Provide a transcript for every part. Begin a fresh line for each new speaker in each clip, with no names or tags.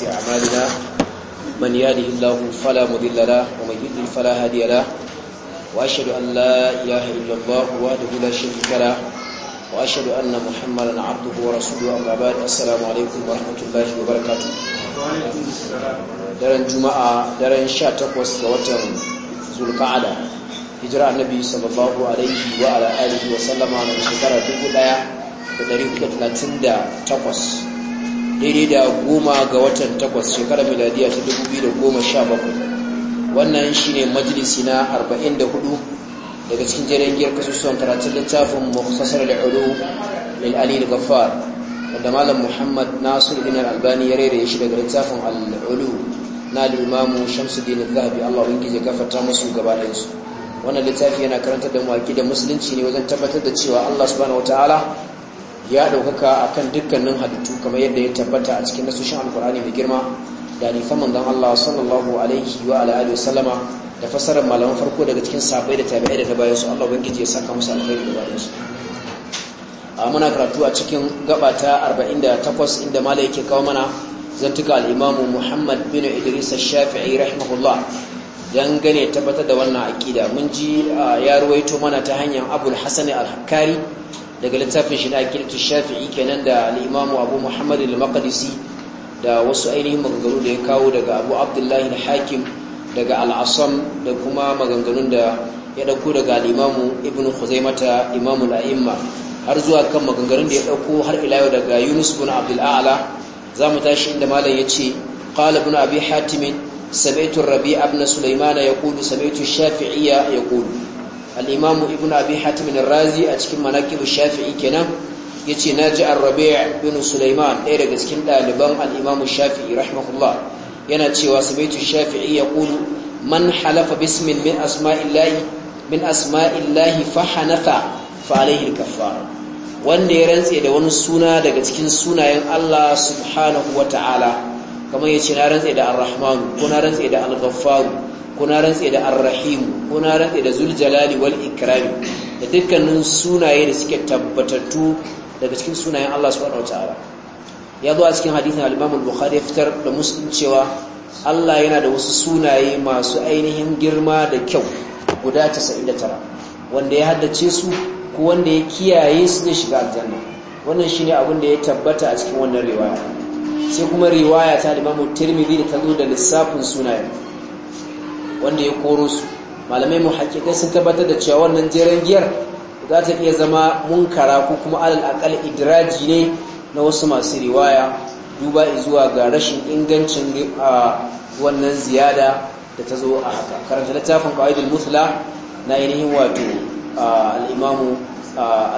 sayyati a'malina man yahdihillahu fala mudilla la wa man yudlil fala hadiya la wa ashhadu an la ilaha illallah wahdahu la sharika la wa ashhadu anna muhammadan 'abduhu wa rasuluhu amma ba'd assalamu alaykum wa rahmatullahi wa barakatuh daren juma'a daren 18 ga watan zulqa'ada hijira annabi sallallahu alaihi wa ala alihi wa sallama a da 1438 daidai da goma ga watan takwas shekarar miladiya ta 2017 wannan shi shine majalisi na 44 daga cikin giyar kasusuwan karatun littafin mukhtasar al'ulu lil ali al wanda malam muhammad nasir bin albani ya rere shi daga littafin al'ulu na limamu shamsu dina zahabi Allah ubangiji ya gafarta musu gaba da wannan littafi yana karanta da mu da musulunci ne wajen tabbatar da cewa Allah subhanahu ta'ala. ya ɗaukaka akan dukkanin halittu kamar yadda ya tabbata a cikin nasoshin alkur'ani mai girma da nifan manzon Allah sallallahu alaihi wa alihi da fasarar malaman farko daga cikin sabai da tabi'ai da tabayin su Allah ubangiji ya saka musu alkhairi da bayan su a muna karatu a cikin gabata 48 inda malai yake kawo mana zantuka al'imamu Muhammad bin Idris shafii rahimahullah dan gane tabbatar da wannan aqida mun ji ya ruwaito mana ta hanyar Abu al-Hasan al-Hakkari daga littafin shi na akidatu shafi'i kenan da al'imamu abu muhammad al da wasu ainihin maganganu da ya kawo daga abu abdullahi da hakim daga al'asam da kuma maganganun da ya dauko daga al'imamu ibn khuzaimata imamu la'imma har zuwa kan maganganun da ya dauko har ila daga yunus bin abdul za mu tashi inda malam ce qala ibn abi hatim سمعت الربيع ya سليمان يقول سمعت ya يقول al-imamu ibnu abi hatim ar-razi a cikin manaqib shafi'i kenan yace na ji rabi bin sulaiman ɗaya daga cikin ɗaliban alimamu shafi'i rahimahullah yana cewa sabaitu shafi'i yaqulu man halafa bismin min asma'illahi min fa hanafa fa alayhi al wanda ya rantse da wani suna daga cikin sunayen Allah subhanahu wata'ala kamar yace na rantse da ar ko na rantse da al ko na rantse da arrahimu ko na rantse da zuljalali wal ikrami da dukkanin sunaye da suke tabbatattu daga cikin sunayen Allah subhanahu wataala ya zo a cikin hadisin al-Imam al-Bukhari fitar da Muslim cewa Allah yana da wasu sunaye masu ainihin girma da kyau guda 99 wanda ya haddace su ko wanda ya kiyaye su zai shiga aljanna wannan shine abin da ya tabbata a cikin wannan riwaya sai kuma riwaya ta Imam Tirmidhi da ta zo da lissafin sunaye. wanda ya koro su malamai mu hakikai sun tabbatar da cewa wannan jeren giyar za ta iya zama munkara ko kuma alal akal idraji ne na wasu masu riwaya duba zuwa ga rashin ingancin wannan ziyada da ta zo a haka karanta littafin qawaidul musla na ainihin wato al-imamu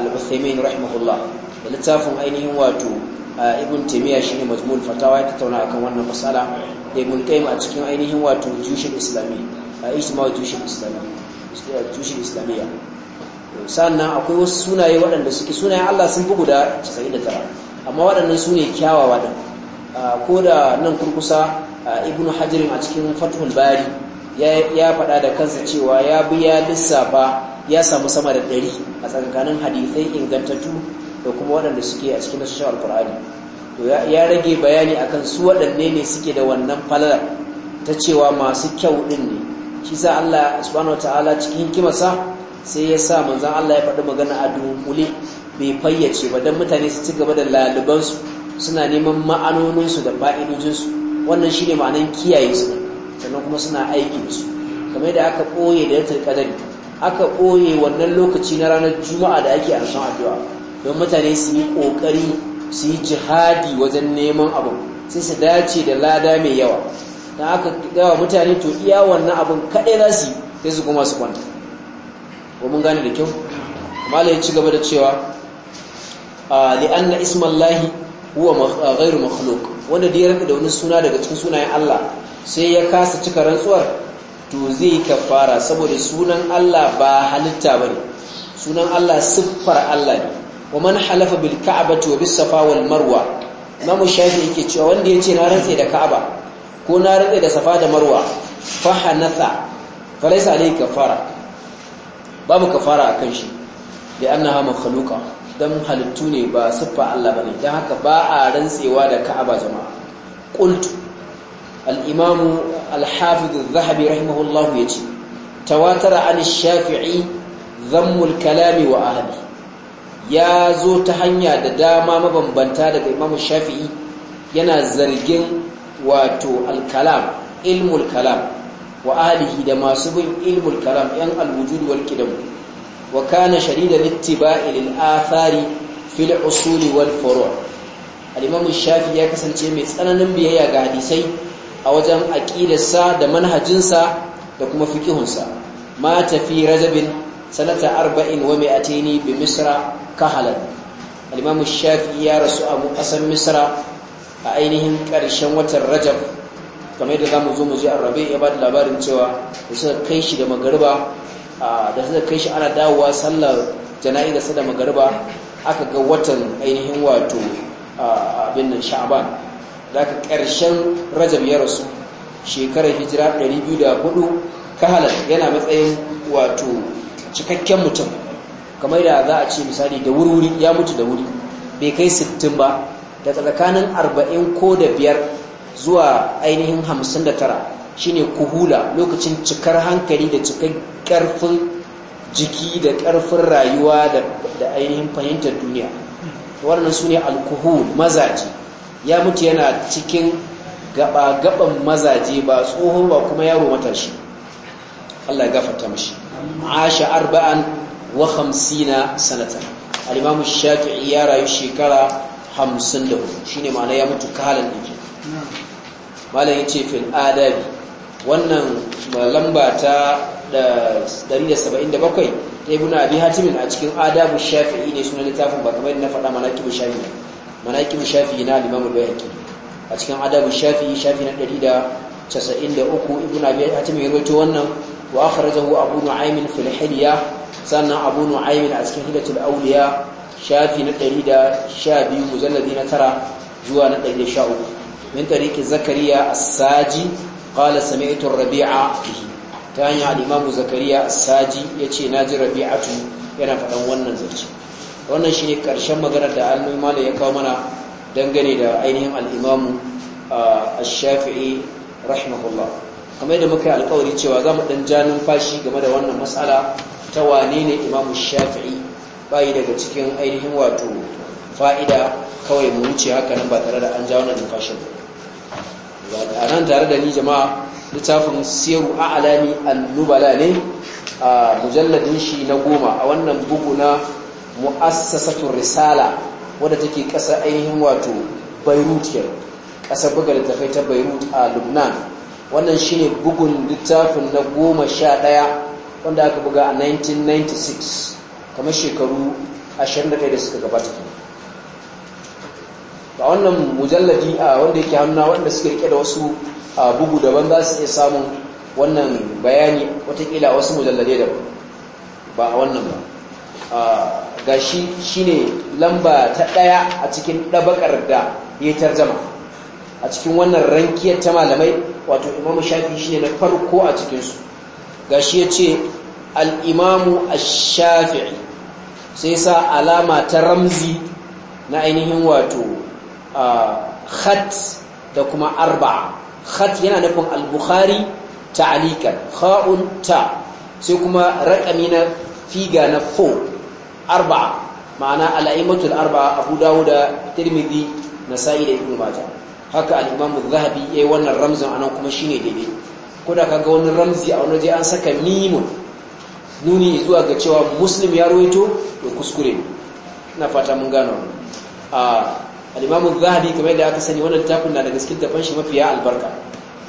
al-Uthaymeen rahimahullah da littafin ainihin wato ibn taymiya shine majmu'ul fatawa ya tattauna akan wannan masala da ibn qayyim a cikin ainihin wato jushin islami ijtima'u jushin islami jushin islamiyya sannan akwai wasu sunaye waɗanda suke sunayen Allah sun fi guda 99 amma waɗannan su ne kyawawa din ko da nan kurkusa ibn hajarin a cikin fathul bari ya faɗa da kansa cewa ya bi ya lissafa ya samu sama da ɗari a tsakanin hadisai ingantattu da kuma waɗanda suke a cikin nasashen alkur'ani ya rage bayani akan su waɗanne ne suke da wannan falalar ta cewa masu kyau ɗin ne shi sa Allah subhanahu ta'ala cikin hikimarsa sai ya sa manzan Allah ya faɗi magana a dunkule bai fayyace ba don mutane su ci gaba da lalubansu suna neman ma'anoninsu da fa'idojinsu wannan shi ne ma'anin kiyaye su sannan kuma suna aiki da su kamar yadda aka ɓoye da yatar ƙadari aka ɓoye wannan lokaci na ranar juma'a da ake a addu'a don mutane su yi ƙoƙari su yi jihadi wajen neman abu sai su dace da lada mai yawa don aka gawa mutane to iya wannan abin kaɗai za su yi sai su kuma su kwanta ko mun da kyau amma ya ci gaba da cewa li'anna ismallahi huwa gairu makhluk wanda da ya rada da wani suna daga cikin sunayen Allah sai ya kasa cika rantsuwar to zai fara saboda sunan Allah ba halitta ba ne, sunan Allah siffar Allah ne wa man halafa bil ka'bati wa bis safa wal marwa imam shafi yake cewa wanda yace na rantsa da ka'aba ko na rantsa da safa da marwa fa hanatha fa laysa alayhi kafara babu kafara akan shi da annaha makhluqa dan halittu ne ba siffa Allah bane dan haka ba a rantsewa da ka'aba jama'a qultu al-imam al-hafiz adh-dhahabi rahimahullahu yace tawatara an ash-shafi'i dhammu kalami wa ahadi. ya zo ta hanya da dama mabambanta daga imamu shafi'i yana zargin wato alkalam ilmul kalam wa alihi da masu bin ilmul kalam yan alwujud wal qidam wa kana shadida littiba'i lil athari fil usuli wal furu' al-imamu shafi'i ya kasance mai tsananin biyayya ga hadisai a wajen aqidarsa da manhajinsa da kuma fikihunsa ma tafi rajabin sanata arba'in wa mai mi'ataini bi misra kahalan al-imam shafi ya rasu abu kasan misra a ainihin ƙarshen watan rajab kamar yadda zamu zo mu ji arabe ya ba da labarin cewa da suka kai shi da magariba da suka kai shi ana dawowa sallar jana'izarsa da magariba aka ga watan ainihin wato abin nan sha'aban da aka ƙarshen rajab ya rasu shekarar hijira 204 kahalar yana matsayin wato cikakken mutum kamar da za a ce misali da wuri ya mutu da wuri bai kai 60 ba da tsakanin 40 ko da biyar zuwa ainihin 59 shine kuhula lokacin cikar hankali da cikar karfin jiki da karfin rayuwa da ainihin fahimtar duniya wannan su ne alkuhul mazaji ya mutu yana cikin gaba-gaban mazaje ba tsohon ba kuma yaro matashi Allah ya gafarta mashi asha arba'an wa hamsina sanata al-imam shafi'i ya rayu shekara hamsin 54 shine ma'ana ya mutu kalan dake malam yace fil adabi wannan lamba ta 177 ibn abi hatim a cikin adabu shafi'i ne sunan littafin ba kamar na faɗa manaqibu shafi'i manaqibu shafi'i na alimamu imam al a cikin adabu shafi'i shafi na 193 ibn abi hatim ya rawaito wannan wa akhrajahu abu nu'aym fil hilya sannan abu nu'aymin a cikin hidatul auliya shafi na 112 mujalladi na tara zuwa na 113 min tariki zakariya as-saji qala sami'tu rabi'a ta hanyar al-imamu zakariya as-saji yace naji rabi'atu yana faɗan wannan zance wannan shine karshen maganar da al ya kawo mana dangane da ainihin Al'imamu imamu shafii rahimahullah kamar da muka yi alkawari cewa za mu ɗan ja numfashi game da wannan matsala ta wane ne imamu shafi'i bayi daga cikin ainihin wato fa'ida kawai mu wuce haka nan ba tare da an jawo na numfashin ba a nan tare da ni jama'a littafin siyaru a alami annubala ne a mujalladin shi na goma a wannan bugu na mu'assasatun risala wadda take ƙasa ainihin wato beirut yau ƙasar buga littafai ta beirut a lubnan wannan shine bugun littafin na goma sha ɗaya wanda aka buga a 1996 kamar shekaru 21 da suka gabata a wannan mujalladi a wanda yake hannuna wanda suka rike da wasu bugu daban za su iya samun wannan bayani watakila wasu mujallade daban ba a wannan ba ga shi shine lamba ta ɗaya a cikin ɗabakar da ya tarjama a cikin wannan rankiyar ta malamai wato imamu shafi shine na farko a cikinsu gashi ya ce al'imamu a shafii sai sa alama ta ramzi na ainihin wato khat da kuma arba'a khat yana nufin al-bukhari ta'alikan kha'un ta sai kuma raƙami na figa na fo arba'a ma'ana al'aimatul arba'a abu dawuda tirmidhi na da ibnu mata haka al’imamu zahabi ya yi wannan ramzin anan kuma shine daidai ko kaga wani ramzi a wani an saka mimun nuni zuwa ga cewa muslim ya ruwaito da kuskure ina fata mun gano a alimamu zahabi kamar yadda aka sani wani littafin na daga cikin tafan shi mafiya albarka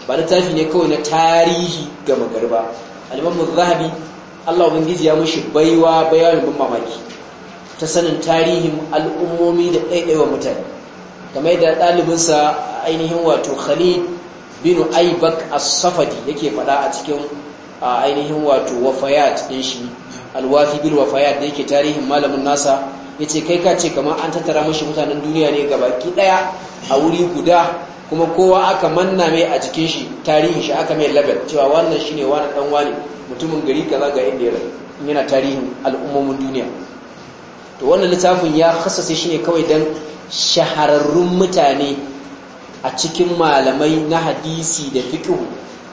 ba na tafi ne kawai na tarihi ga magarba alimamu imamu zahabi Allah ubangiji ya mushi baiwa baiwa bin mamaki ta sanin tarihin al'ummomi da ɗaiɗaiwa mutane kamar yadda ɗalibinsa ainihin wato khalid bin aibak as-safadi yake fada a cikin ainihin wato wafayat din shi alwafi bil wafayat da yake tarihin malamin nasa yace kai ka ce kamar an tattara mashi mutanen duniya ne gabaki daya a wuri guda kuma kowa aka manna mai a cikin shi tarihin shi aka mai label cewa wannan shine wani dan wani mutumin gari kaza ga inda ya yana tarihin al'ummomin duniya to wannan littafin ya shi shine kawai dan shahararrun mutane a cikin malamai na hadisi da fiqh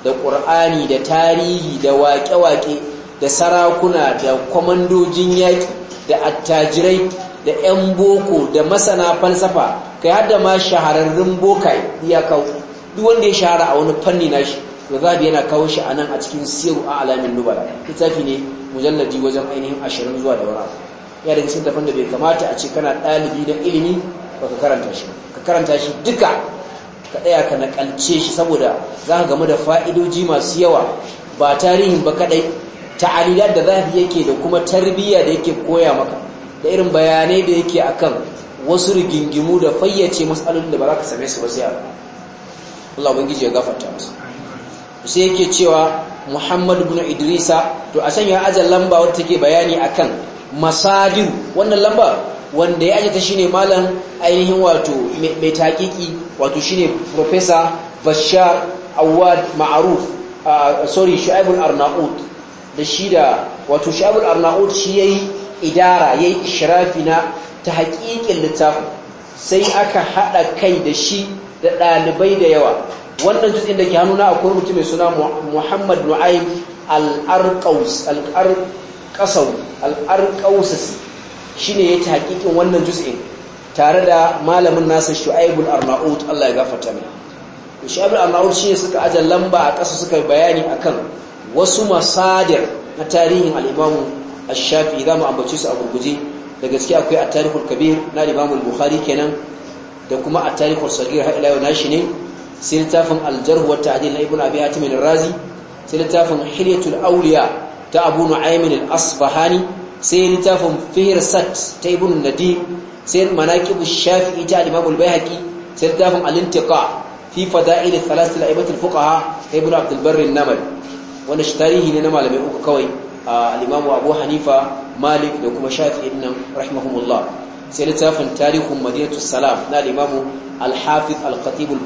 da ƙur'ani da tarihi da waƙe-waƙe da sarakuna da kwamandojin yaƙi da attajirai da 'yan boko da masana falsafa kai hada ma shahararrun boka ya kawo duk wanda ya shahara a wani fanni nashi za zabi yana kawo shi a nan a cikin siru a alamin nubala littafi ne mujalladi wajen ainihin ashirin zuwa da wani ya da cikin da bai kamata a ce kana ɗalibi don ilimi ba ka karanta shi ka karanta shi duka ka tsaya ka nakalce shi saboda za ka gamu da fa'idoji masu yawa ba tarihin ba kaɗai ta'alilar da zafi yake da kuma tarbiyya da yake koya maka da irin bayanai da yake akan wasu rigingimu da fayyace matsalolin da ba za ka same su ba sai Allah ubangiji ya gafarta musu sai yake cewa muhammadu ibn Idrisa to a sanya ajal lamba wadda take bayani akan masadir wannan lamba wanda ya aje ta ne malam ainihin wato mai taƙiƙi. wato shine professor bashar awad ma'aruf sorry shu'aibul arnaud da shi da wato shu'aibul arnaud shi yayi idara yayi ishrafi na ta haƙiƙin littafin sai aka hada kai da shi da ɗalibai da yawa wannan jutsin da ke hannuna akwai mutum mai suna muhammad nu'aim al-arqaus al al-arqausasi shine ya ta haƙiƙin wannan jutsin tare da malamin nasa shu'aibul arnaut Allah ya gafarta mai shu'aibul arnaut shine suka aje lamba a ƙasa suka yi bayani akan wasu masadir na tarihin alimamu ashafi Ash-Shafi'i zamu ambace su a gurguje da gaske akwai a tarikhul Kabir na Imam Al-Bukhari kenan da kuma a tarikhul Saghir har ila yau nashi ne sai littafin al-Jarh wa Ta'dil na ibnu Abi Hatim al-Razi sai littafin Hilyatul Awliya ta Abu Nu'aym al-Asbahani sai littafin Fihr Sat ta Ibn Nadim sai manaqibu shafi'i ta al-imam al-baihaqi sai littafin al da fi fada'il thalath al-aimat al-fuqaha ibn abd al-barr an-namari wannan shi tarihi ne na malamai uku kawai al-imam abu hanifa malik da kuma shafi'i nan rahimahumullah sai littafin tarihun madinatu salam na al-imam al-hafiz al-khatib al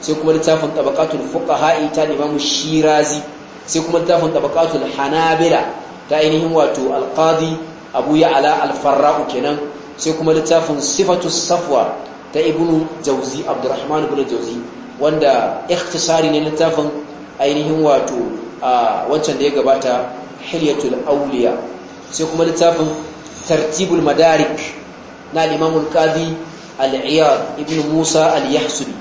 sai kuma littafin tabaqatul fuqaha ta al-imam shirazi sai kuma littafin tabaqatul hanabila ta ainihin wato al-qadi abu ya'la al-farra'u kenan sai kuma littafin sifatu safwa ta ibnu jauzi abdurrahman ibn jauzi wanda ikhtisari ne littafin ainihin wato a wancan da ya gabata hilyatul awliya sai kuma littafin tartibul madarik na al-imam al-qadi iyad ibn musa al-yahsubi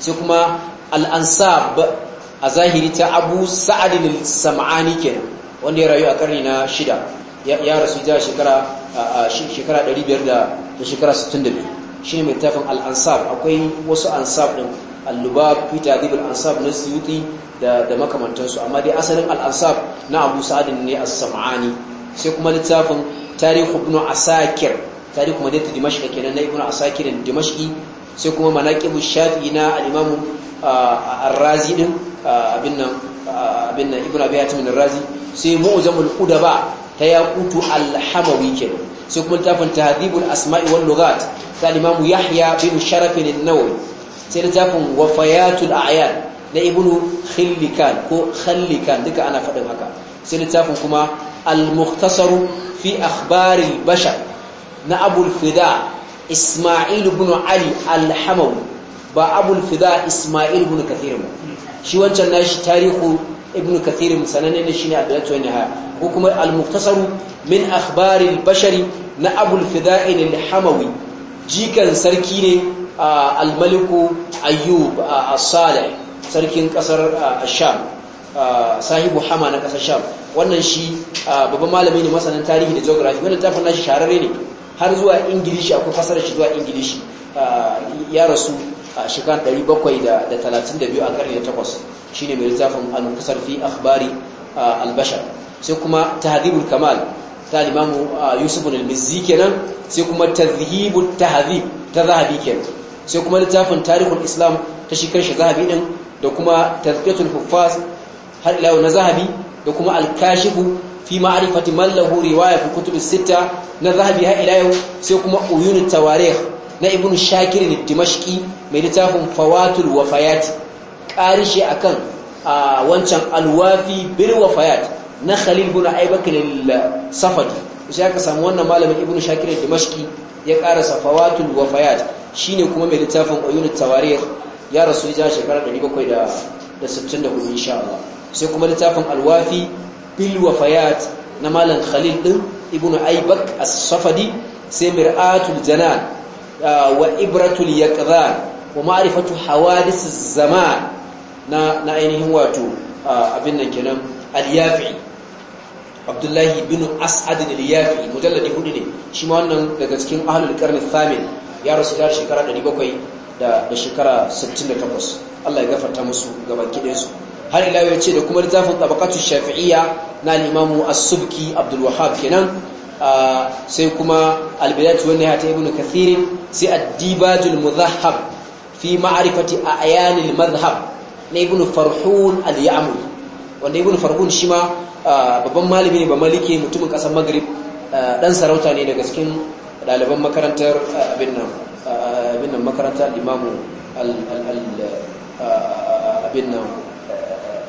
sai kuma al-ansab a zahiri ta abu sa'ad al-sam'ani kenan wanda ya rayu a karni na shida ya rasu da shekara shekara 500 da shekara 62 ne mai tafin al-ansab akwai wasu ansab din al-lubab fi tadib ansab na suyuti da makamantansu amma dai asalin al-ansab na Abu Sa'd ne a sama'ani sai kuma littafin Tarikh ibn Asakir Tarikh Madinat Dimashq kenan na Ibn Asakir Dimashqi sai kuma manaqib shafi na alimamu imam ar din abin nan abin nan Ibn Abi Hatim ar-Razi sai mu'jamul ba. ta yaqutu al-hamawi kenan kuma littafin tahdhibul asma'i wal lughat ta limamu yahya bin sharaf an-nawawi sai littafin wafayatul a'yan na ibnu khillikan ko khallikan duka ana faɗin haka sai littafin kuma al-mukhtasaru fi akhbaril bashar na abul fida isma'il ibn ali al-hamawi ba abul fida isma'il ibn kathir ba shi wancan nashi tarihu ibn kathir sanannen ne shine adalatu wani haya ko kuma al-muqtasar min akhbar al-bashari na abu al-fida'i al-hamawi jikan sarki ne al-maliku ayyub as-salih sarkin kasar sham sahibu hama na kasar sham wannan shi babban malami ne masanin tarihi da geography wannan tafin nashi shahararre ne har zuwa ingilishi akwai fasarar shi zuwa ingilishi ya rasu a shekar 732 a karni na 8 shine mai littafin al-mukhtasar fi akhbari al-bashar sai kuma tahdhibul kamal ta limamu yusuf al-mizzi kenan sai kuma tadhhibut tahdhib ta zahabi kenan sai kuma littafin tarihul islam ta shekar shi zahabi din da kuma tazkiyatul huffaz har ila na zahabi da kuma al-kashifu fi ma'rifati man lahu riwaya fi kutubis sita na zahabi har ila sai kuma uyunut tawarikh na ibnu shakir al-dimashqi mai littafin fawatul wafayat ƙarishe akan a wancan alwafi bil wafayat na khalil bin aibakar safadi sai aka samu wannan malamin ibn shakir dimashki ya ƙarasa fawatul wafayat shine kuma mai littafin uyunut tawarikh ya rasu ya shekara 764 insha sai kuma littafin alwafi bil na malam khalil din ibn aibak safadi sai mir'atul janan wa ibratul yaqdhan wa ma'rifatu hawadis zaman na na ainihin wato abin nan kenan al-yafi abdullahi bin as'ad al-yafi mujalladi hudu ne shi ma wannan daga cikin ahlul qarni thamin ya rasu da shekara 700 da da shekara 68 Allah ya gafarta musu gabaki ɗayansu har ila ya ce da kuma littafin tabaqatu shafi'iyya na al-imamu as-subki abdul wahhab kenan sai kuma al-bidayatu wan nihayat ibn kathir sai ad-dibajul mudhahhab fi ma'arifati a ayanil madhhab na ibn farhun al-ya'muri wanda ibn farhun shi babban malami ne ba maliki mutumin kasar maghrib dan sarauta ne daga cikin ɗaliban makarantar abin nan abin nan makarantar imamu abin nan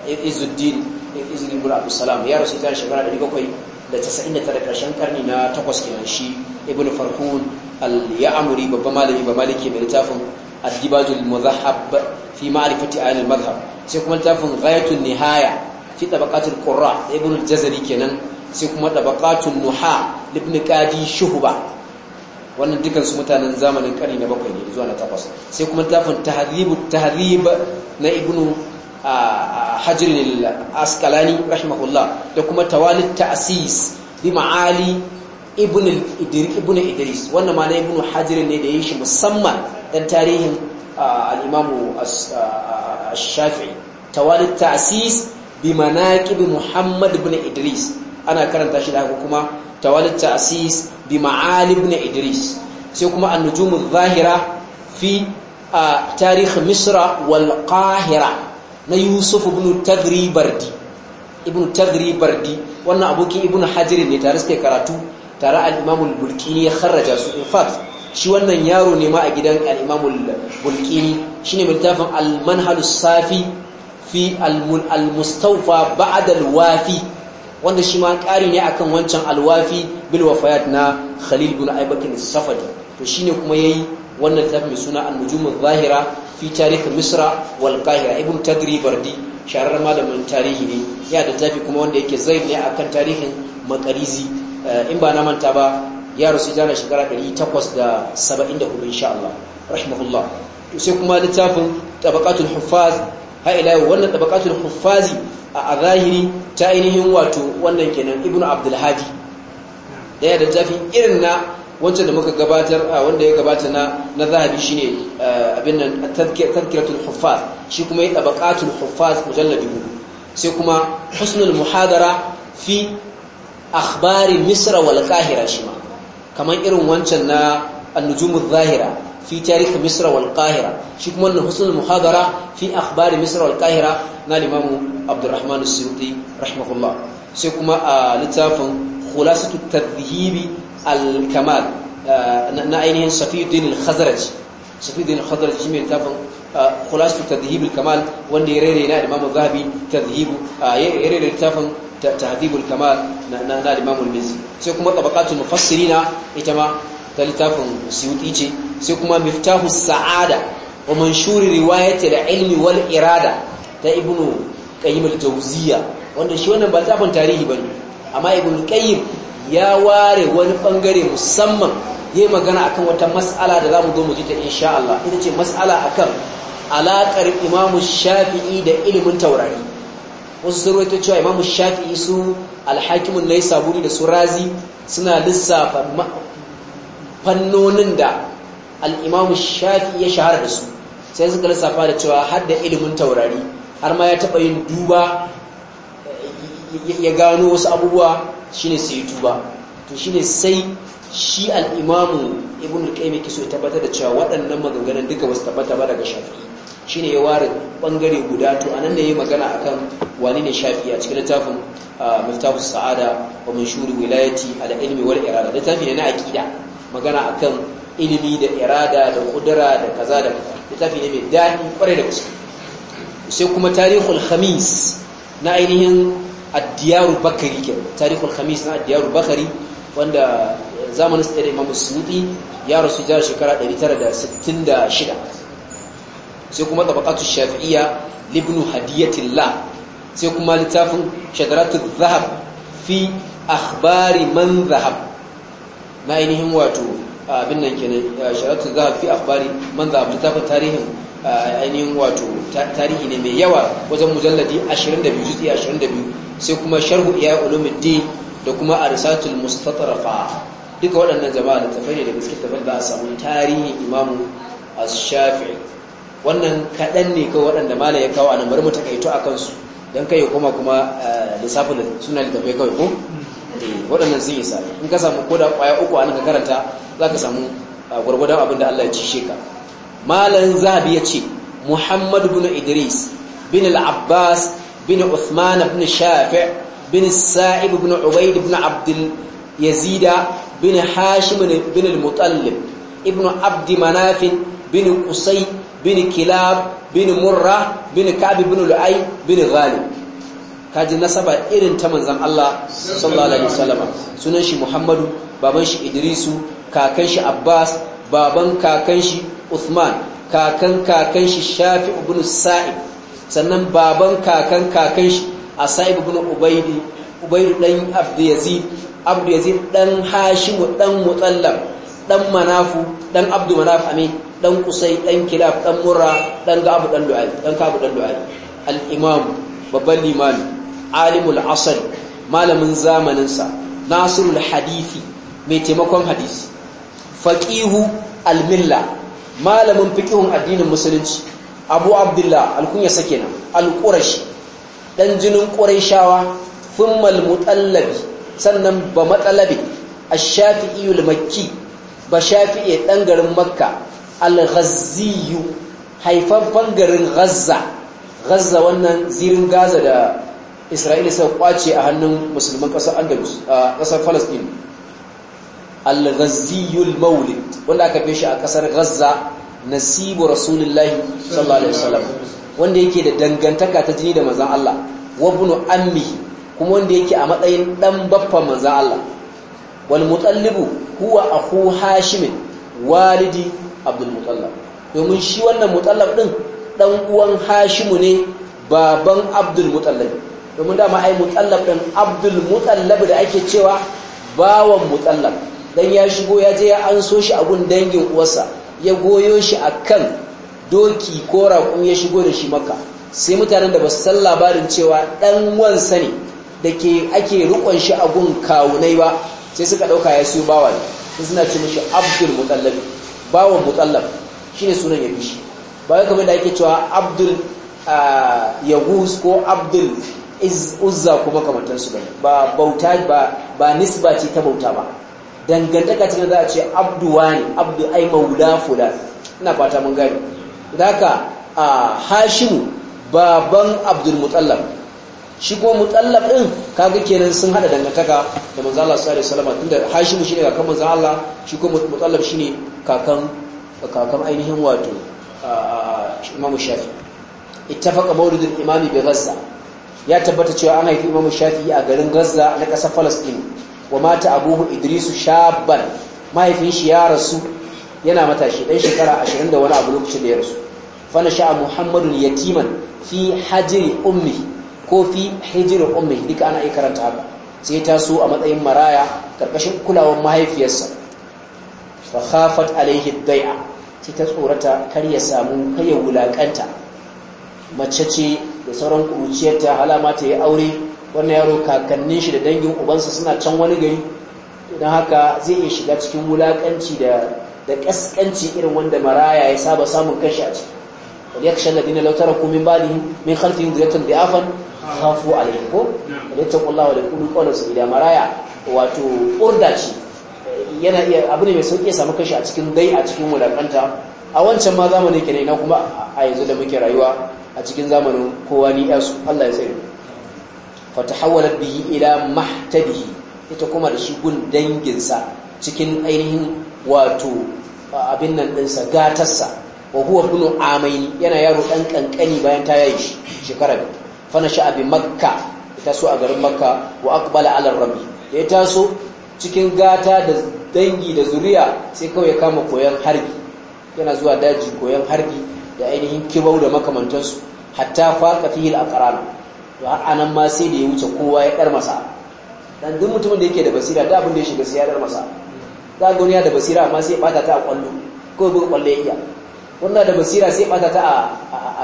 izuddin izini ibn abu salam ya rasu tana shekara 799 karshen karni na takwas kenan shi ibn farhun al-ya'muri babban malami ba maliki mai littafin addibajul muzahab fi ma'rifati ayan al-madhhab sai kuma tafin ghayatun nihaya fi tabaqatul qurra ibn al-jazari kenan sai kuma tabaqatun nuha ibn qadi shuhba wannan dukan su mutanen zamanin kari na bakwai ne zuwa na takwas sai kuma tafin tahribut tahrib na ibn hajar al-asqalani rahimahullah da kuma tawalit ta'sis bi ma'ali ibn idris wannan ma na ibn hajar ne da yayin shi musamman dan tarihin al shafi' tawali shafii ta'sis bi manaqib muhammad ibn idris ana karanta shi da kuma tawali ta'sis bi ma'ali ibn idris sai kuma an-nujum adh-dhahira fi tarikh misra wal qahira na yusuf ibn tagribardi ibn tagribardi wannan abokin ibn hajar ne tare suke karatu tare al-imam al-bulqini ya kharraja su in fact shi wannan yaro ne ma a gidan al-imamul shi shine littafin al safi fi al-mustawfa ba'da wanda shi ma ƙari ne akan wancan alwafi wafi na Khalil bin Aybakir safadi to shine kuma yayi wannan littafin mai suna an zahira fi tarikh misra wal qahira ibn tagri bardi sharar malamin tarihi ne ya da tafi kuma wanda yake zai ne akan tarihin makarizi eh, in ba na manta ba ya rasu jana shekara 874 insha Allah rahimahullah to sai kuma littafin tabaqatul huffaz ha ila wannan tabaqatul huffazi a zahiri ta ainihin wato wannan kenan ibnu abdul hadi daya da tafi irin na wancan da muka gabatar a wanda ya gabata na na zahabi shine abin nan tadhkiratul huffaz shi kuma ya tabaqatul huffaz mujallad sai kuma husnul muhadara fi akhbari misra wal qahira kamar irin wancan na annujumul zahira fi tarihi misra wal qahira shi kuma na husnul muhadara fi akhbari misra wal qahira na limamu abdurrahman as-suyuti rahimahullah sai kuma a littafin khulasatu tadhhibi al-kamal eh, na ainihin safiyuddin al-khazraj safiyuddin al-khazraj shi mai littafin eh, khulasatu tadhhib al-kamal wanda ya rere na imamu zahabi tadhhib eh, ya rere littafin تهذيب kamal na na المزي Imam sai kuma tabaqatul mufassirina ita ma ta littafin Suyuti ce sai kuma miftahus sa'ada wa manshuri riwayati al irada ta wanda shi wannan ba tsafin tarihi ba ne amma Ibn Qayyim ya ware wani bangare musamman yayi magana akan wata mas'ala da zamu zo mu ji ta insha Allah ita ce mas'ala akan alaƙar imamu Shafi'i da ilimin taurari wasu sarwaito cewa imamu shafi'i su alhakimun na saburi da su razi suna lissafa fannonin da al'imamu shafi'i ya shahara da su sai suka lissafa da cewa har da ilimin taurari har ma ya taɓa yin duba ya gano wasu abubuwa shine sai yi duba to shine sai shi al'imamu ibn al so ya tabbatar da cewa waɗannan maganganun duka wasu tabbata ba daga shafi'i ne ya ware ɓangare guda to a nan ne yayi magana akan wani ne shafi a cikin littafin miftahus sa'ada wa manshuri wilayati ala ilmi wal irada littafi ne na aqida magana kan ilimi da irada da kudura da kaza da littafi ne mai dadi kware da gaske sai kuma tarihul khamis na ainihin ad bakari ke tarihul khamis na ad bakari wanda zamanin sa da Imam Suyuti ya rasu jar shekara 966 sai kuma tabaqatu shafi'iyya libnu hadiyatillah sai kuma littafin shadaratu zahab fi akhbari man zahab na ainihin wato abin nan kenan shadaratu zahab fi akhbari man zahab littafin tarihin ainihin wato tarihi ne mai yawa wajen mujalladi 22 juz'i 22 sai kuma sharhu iya ulumuddin da kuma arsatul mustatrafa duka waɗannan jama'a da tafai ne da biskit tafai da a samu tarihin imamu a shafii wannan kaɗan ne kawai waɗanda mala ya kawo anan bari mu takaito a kansu don kai kuma kuma eh, lissafin da suna littafai kawai ko eh, waɗannan sun yi sa in ka samu ko da ƙwaya uku a ka karanta za ka samu eh, gwargwadon abin da Allah ya ci sheka malan zabi ya ce muhammad bin idris bin al-abbas bin uthman bin shafi' bin sa'ib bin ubaid bin abdul yazida bin hashim bin al-mutallib ibn abd manaf bin qusay bin kilab bin murra bin ka'b bin lu'ay bin ghalib kaji nasaba irin ta manzon Allah sallallahu alaihi wasallam sunan shi Muhammadu baban shi Idrisu kakan shi Abbas baban kakan shi Uthman kakan kakan shi Shafi ibn Sa'id sannan baban kakan kakan shi Asa'ib ibn Ubaydi Ubaydu dan Abdul Yazid Abdul Yazid dan Hashim dan Mutallab dan Manafu dan Abdul Manaf amin dan kusai dan kilaf, dan murra dan gabu dan lu'ay dan kabu dan lu'ay al-imam babban limami alimul asr malamin zamanin sa nasirul hadisi mai taimakon hadisi faqihu al-milla malamin fiqihun addinin musulunci abu abdullah al-kunya nan al-qurashi dan jinin quraishawa thummal al-mutallabi sannan ba matsalabi ash-shafi'i al-makki ba shafi'i dan garin makka al-ghazziyu haifaffen garin Gaza. Gaza wannan zirin gaza da isra'ila suka kwace a hannun musulman ƙasar andalus a ƙasar palestine al maulid wanda aka fi shi a ƙasar ghazza nasibu rasulullahi sallallahu alaihi wanda yake da dangantaka ta jini da manzon Allah wa ibn ammi kuma wanda yake a matsayin dan baffa manzon Allah wal mutallibu huwa akhu hashim walidi abdul domin shi wannan mutallab ɗin ɗan uwan hashimu ne baban abdul domin dama ai mutallab ɗin, abdul da ake cewa bawan mutallab dan ya shigo ya je ya anso shi a dangin uwarsa ya goyo shi a kan doki ko raƙu ya shigo da shi makka sai mutanen da ba su san labarin cewa ɗan wansa ne da ke ake rukon shi a kawunai ba sai suka ɗauka ya siyo bawa ne sai suna ce mashi abdul mutallabi bawan mutallaf ne sunan ya shi ba kamar da ake cewa abdul yahus ko abdul uzza ko su bane ba bauta ba ba nisba ce ta bauta ba dangantaka cikin za a ce abdu wani abdu ai maula fula ina fata mun gani haka hashimu baban abdul mutallaf shi ko mutallab din kaga kenan sun hada dangantaka da manzo Allah sallallahu alaihi wasallam tunda Hashim shine kakan manzo Allah shi ko mutallab shine kakan kakan ainihin wato Imam Shafi ittafaqa mawlidul imami bi Gaza ya tabbata cewa ana haifi Imam Shafi a garin Gaza na ƙasar Palestine wa mata abuhu Idrisu shabban mahaifin shi ya rasu yana matashi dan shekara 20 da wani abu lokacin da ya rasu fa nasha Muhammadun yatiman fi hajri ummi ko fi hijirin ummi duka ana iya karanta haka sai ta so a matsayin maraya karkashin kulawar mahaifiyarsa fa khafat alaihi dai'a sai ta tsorata kar ya samu kayan wulakanta mace ce da sauran kuruciyarta halama ta yi aure wannan yaro kakannin shi da dangin ubansa suna can wani gari don haka zai iya shiga cikin wulakanci da kaskanci irin wanda maraya ya saba samun kashi a ciki da yakhsha alladhina law taraku min ba'dihim min da ya dha'afan khafu alaihim ko da taqullaha wa yaqulu su maraya wato orda ce yana iya abu ne mai sauke ya samu kashi a cikin dai a cikin wadatanta a wancan ma zamani kenan na kuma a yanzu da muke rayuwa a cikin zamanin kowa ni yasu Allah ya ta hawala bihi ila mahtadihi ita kuma da shi gun danginsa cikin ainihin wato abin nan dinsa gatarsa wa huwa bunu amaini yana yaro ɗan kankani bayan ta yayi shekara biyu fana sha'a makka ya taso a garin makka wa aqbala alar rabbi ya taso cikin gata da dangi da zuriya sai kawai ya kama koyon harbi yana zuwa daji koyon harbi da ainihin kibau da makamantansu hatta fi fihi a aqran to har anan ma sai da ya wuce kowa ya dar masa dan duk mutumin da yake da basira da abin da ya shiga sai ya dar masa za ga wani ya da basira amma sai ya bata ta a kwallo ko buga kwallo ya iya wannan da basira sai ya bata ta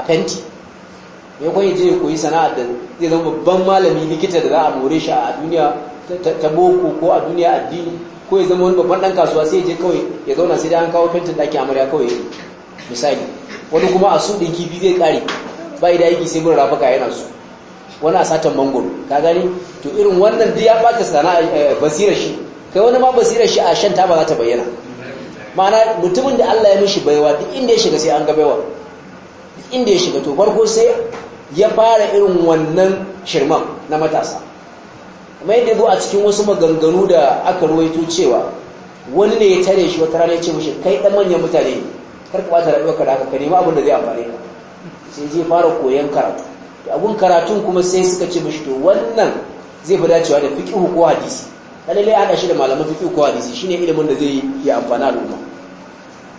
a fenti mai kwanye je koyi sana'ar da zai zama babban malami likita da za a more shi a duniya ta boko ko a duniya addini ko ya zama wani babban dan kasuwa sai je kawai ya zauna sai dai an kawo fentin daki amarya kawai misali wani kuma a su din kifi zai kare ba da aiki sai gurin rafuka yana su wani a satan mangoro ka gani to irin wannan duk ya bata sana'a eh, basirar shi kai wani ma basirar shi a shan taba za ta bayyana ma'ana mutumin da Allah ya mishi baiwa duk inda ya shiga sai an ga baiwa inda ya shiga to farko sai ya fara irin wannan shirman na matasa kuma yadda zo a cikin wasu maganganu da aka ruwaito cewa wani ne ya tare shi wata rana ya ce mushi kai dan manyan mutane ne kar ka bata rabuwa da haka ka nema abin da zai amfane ka sai je fara koyon karatu to abun karatun kuma sai suka ce mushi to wannan zai fi dacewa da fiqh ko hadisi lalle ya hada shi da malaman fiqh ko hadisi shine ilimin da zai yi amfana al'umma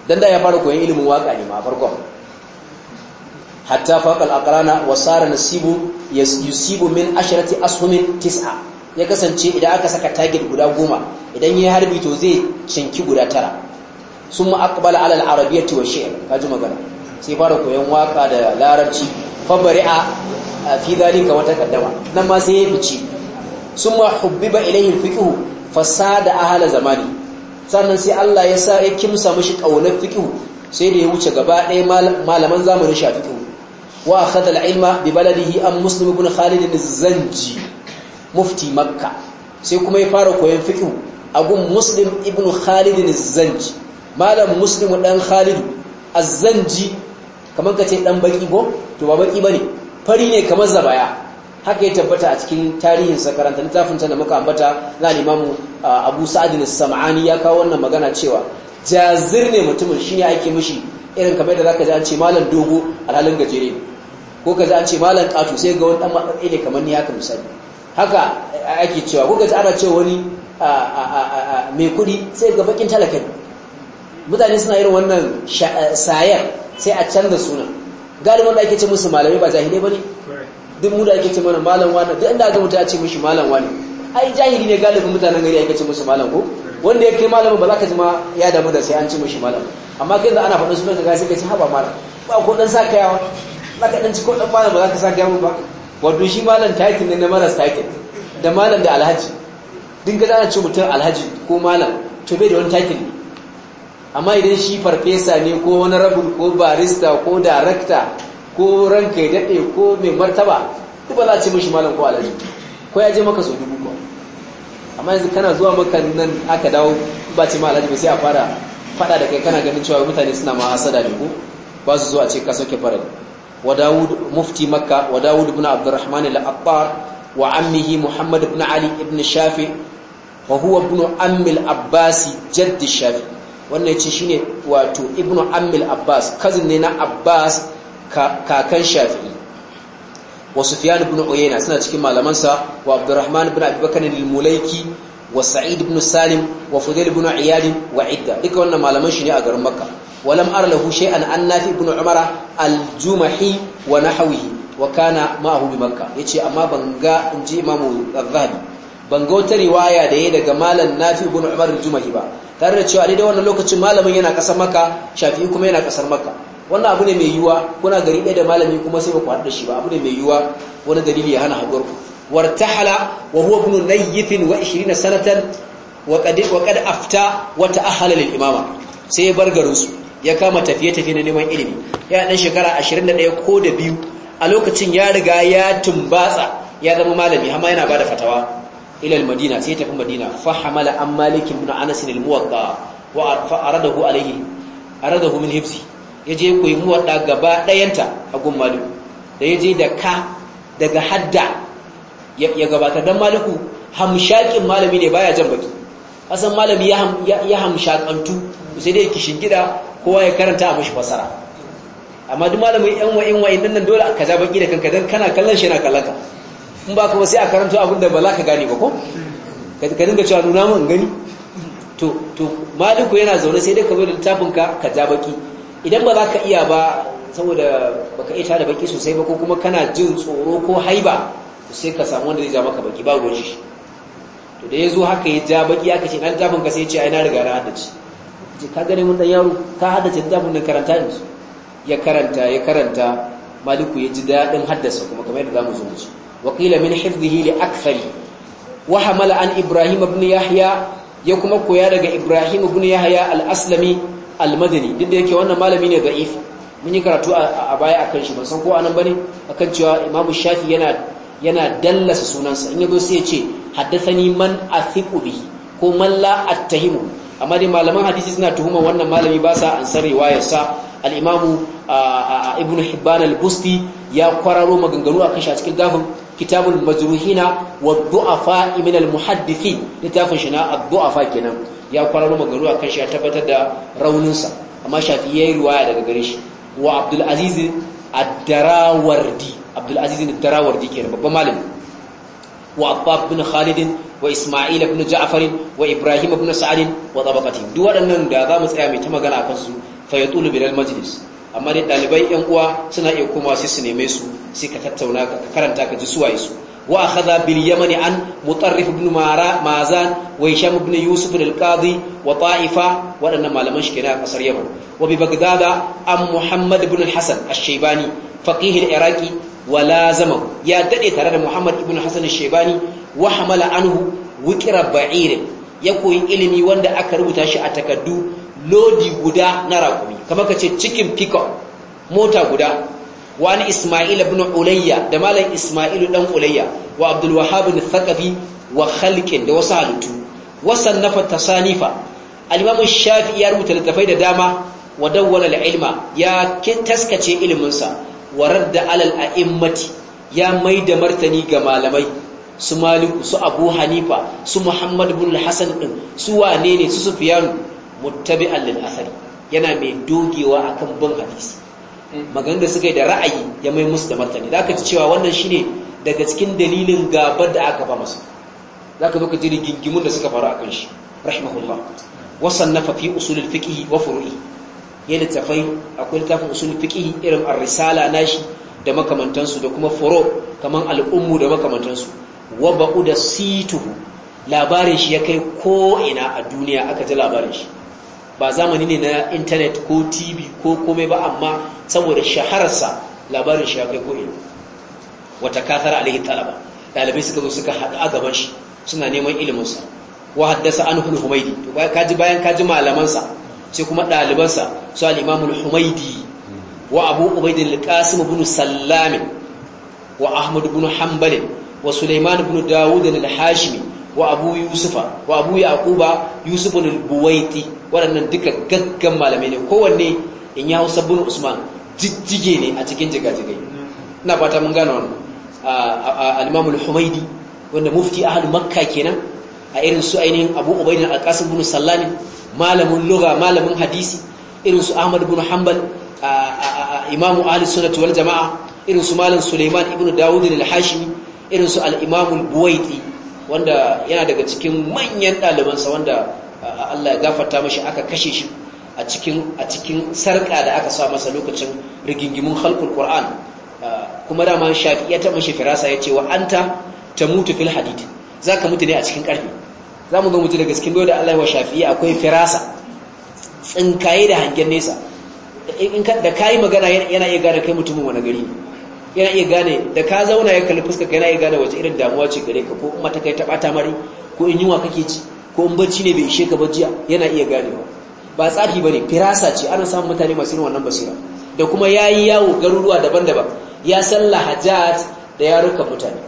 dan da ya fara koyon ilimin waka ne ma farkon hatta faqal aqrana wa sara nasibu yusibu min asharati ashumin tis'a ya kasance idan aka saka target guda goma idan yayi harbi to zai cinki guda tara summa aqbala ala al-arabiyyati wa shi'r kaji magana sai fara koyon waka da larabci fabari'a fi dhalika wa taqaddama nan ma sai ya fice summa hubbiba ilayhi al-fiqh fasada ahla zamani sannan sai Allah ya sa ya kimsa mishi kaunar fiqh sai da ya wuce gaba ɗaya malaman zamanin shafiqh wa akhadha ilma bi baladihi an muslim ibn khalid az-zanji mufti makka sai kuma ya fara koyon fiqh a gun muslim ibn khalid az-zanji malam muslim dan khalid az-zanji kaman kace dan baki go to ba baki bane fari ne kamar zabaya haka ya tabbata a cikin tarihin karanta littafin ta da muka ambata na limamu uh, abu sa'ad as-sam'ani ya kawo wannan magana cewa jazir ne mutumin shine ake mishi irin kamar da zaka ji an ce malam dogo alhalin gajere ko ka an ce malam katu sai ga wani dan matsatsi ne kamar ni haka misali haka ake cewa ko ka ji ana cewa wani mai kuɗi sai ga bakin talakan mutane suna irin wannan eh, sayar sai a canza suna galibin da ake ce musu malami ba jahilai ba ne duk mu da ake ce mana malam wani duk inda ga mutu ya ce mishi malam wani ai jahili ne galibin mutanen gari ake ci musu malam ko wanda ya kai malamin ba za ka ji ma ya damu da sai an ci mushi malam amma kai da ana faɗin su kaga sai ka ci haba malam ba ko dan saka yawa za ka dan ci ko dan malam ba za ka saka yawa ba wato shi malam takin ne na maras takin da malam da alhaji din ga ana ce mutum alhaji ko malam to bai da wani takin ne amma idan shi farfesa ne ko wani rabin ko barista ko darakta ko ranka ya daɗe ko mai martaba duk ba za a ce mishi malam ko alhaji ko ya je maka sau dubu ko amma yanzu kana zuwa maka nan aka dawo ba ce ma alhaji ba sai a fara fada da kai kana ganin cewa mutane suna ma hasada da ku ba su zuwa ce ka sauke farali wa dawud mufti makka wa dawud ibn abdurrahman al-attar wa ammihi muhammad ibn ali ibn shafi wa huwa ibn ammi al-abbas jaddi shafi wannan yace shine wato ibn ammi al-abbas cousin ne na abbas kakan shafi'i wa Sufyan ibn Uyayna suna cikin malaman sa wa Abdurrahman ibn Abi Bakr al-Mulaiki wa Sa'id ibn Salim wa Fudail ibn Iyad wa Idda duka wannan malaman shi ne a garin Makka wa lam ara lahu shay'an an Nafi ibn Umar al-Jumahi wa nahwihi wa kana ma'ahu bi Makka yace amma banga inji Imam Az-Zahabi banga wata riwaya da yayi daga malam Nafi ibn Umar al-Jumahi ba tare da cewa dai da wannan lokacin malamin yana kasar Makka Shafi'i kuma yana kasar Makka wannan abu ne mai yiwuwa kuna gari ɗaya da malami kuma sai ba ku haɗu da shi ba abu ne mai yiwuwa wani dalili ya hana haɗuwar ku wartahala wa huwa ibn nayyithin wa 20 sanatan wa qad wa qad afta wa ta'ahala lil imama sai ya bar garin su ya kama tafiye tafiye na neman ilimi ya dan shekara 21 ko da biyu a lokacin ya riga ya tumbatsa ya zama malami amma yana bada fatawa ila al-madina sai tafi madina fa hamala an malik ibn anas al-muwatta wa aradahu alayhi aradahu min ya je koyi muwaɗa gaba ɗayanta a gun maliku da ya je da ka daga hadda ya gabata don maliku hamshakin malami ne baya jan baki asan malami ya hamshakantu sai dai kishin gida kowa ya karanta a mashi fasara amma duk malamin yan wa'in wa'in nan dole ka ja baki da kanka don kana kallon shi yana kallon ka in ba kuma sai a karanto abin da ba za ka gane ba ko ka dinga cewa nuna mun gani to maliku yana zaune sai dai ka zo da littafin ka ka ja baki idan ba za ka iya ba saboda baka iya tada baki sosai ba ko kuma kana jin tsoro ko haiba sai ka samu wanda zai ja maka baki ba ruwan shi to da ya zo haka ya ja baki aka ce dan tabin ka sai ce ai na riga na haddace ce ka gane mun dan yaro ka haddace tabin nan karanta ne ya karanta ya karanta maliku ya ji dadin haddasa kuma kamar yadda zamu zo mu ci min hifdhihi li akthari wa hamala an ibrahim ibn yahya ya kuma koya daga ibrahim ibn yahya al-aslami al-madani duk da yake wannan malami ne da'if mun yi karatu a baya akan shi ban san ko anan bane akan cewa imamu shafi yana yana dallasa sunansa in yazo sai ya ce haddathani man athiqu bi ko man la attahimu amma dai malaman hadisi suna tuhuma wannan malami ba sa ansar riwayarsa al-imamu ibnu hibban al-busti ya kwararo maganganu akan shi a cikin gafin kitabul majruhina wa du'afa min al-muhaddithin littafin shi na ad-du'afa kenan ya kwararo magaru a kan shi ya tabbatar da rauninsa amma shafi ya yi ruwaya daga gare shi wa abdulaziz addarawardi abdulaziz addarawardi ke babban malami wa abbab bin khalidin wa isma'il bin Jafarin wa ibrahim bin sa'ad wa tabaqati duk waɗannan da za mu tsaya mai ta magana akan su fa yatulu bil majlis amma dai dalibai yan uwa suna iya koma sai su neme su sai ka tattauna ka karanta ka ji suwaye su وأخذ باليمن عن مطرف بن مازان وهشام بن يوسف القاضي وطائفة وأن ما لمش كنا قصر يمن وببغداد أم محمد بن الحسن الشيباني فقيه العراقي ولازمه يا ددي ترى محمد بن الحسن الشيباني وحمل عنه وكر بعير يكوي ilimi wanda aka rubuta shi a takaddu lodi guda na rakumi kamar kace cikin pickup mota guda وعن إسماعيل بن عليا دمالا إسماعيل بن عليا وعبد الوهاب بن الثقفي وخلق وسالته وصنف التصانيف الإمام الشافعي يروي تلتفي داما ودون العلم يا تسكتي علمنسا ورد على الأئمة يا ميد مرتني جمالمي su maliku su abu hanifa su muhammad bin hassan din su wane ne su sufiyanu muttabi'an lil asari yana mai dogewa akan bin hadisi magan da suka yi da ra'ayi ya mai musu da martani za ka ci cewa wannan shi ne daga cikin dalilin gabar da aka ba masu? za ka zo ka ji gingimun da suka faru a kan shi rahimahullah wasan na fafi usulun fiƙi wa furu'i ya littafai akwai littafin usulun fiƙi irin a risala shi da makamantansu da kuma furo kamar al'ummu da makamantansu wa ba'u da situ labarin shi ya kai ko ina a duniya aka ji labarin shi ba zamani ne na intanet ko tv ko komai ba amma saboda shahararsa labarin shi ko ina wata kathara alaihi talaba dalibai suka zo suka haɗu a gaban shi suna neman iliminsa wa haddasa an humaidi to kaji bayan kaji malamansa sai kuma ɗalibansa su al humaidi wa abu ubaidin al-qasim ibn wa ahmadu bunu hanbal wa Suleiman bunu dawud al-hashimi wa abu yusufa wa abu yaquba yusuf ibn buwaiti waɗannan duka gaggan malamai ne kowanne in ya hausa bin usman jijjige ne a cikin jigajigai ina fata mun gano wannan al-imam humaidi wanda mufti ahli makka kenan a irin su ainihin abu ubaidin al-qasim ibn sallani malamin lugha malamin hadisi irin su ahmad ibn hanbal imam ahli sunnah wal jamaa irin su malam suleiman ibn daud al-hashimi irin su al-imam al-buwaiti wanda yana daga cikin manyan ɗalibansa wanda Allah ya gafarta mashi aka kashe shi a cikin a cikin sarƙa da aka sa masa lokacin rigingimun halkul Qur'an kuma dama shafi ya taɓa shi firasa ya ce wa anta tamutu fil hadid zaka mutu ne a cikin ƙarfi zamu ga mutu daga cikin dole Allah wa shafi akwai firasa tsinkaye da hangen nesa in da kai magana yana iya gane kai mutumin wani gari yana iya gane da ka zauna ya kalli fuskar yana iya gane wace irin damuwa ce gare ka ko kuma ta kai ta bata ko in yunwa kake ci ko in bacci ne bai ishe ka jiya yana iya ganewa ba tsafi bane firasa ce ana samun mutane masu irin wannan basira da kuma yayi yawo garuruwa daban-daban ya san lahajat da yarukan mutane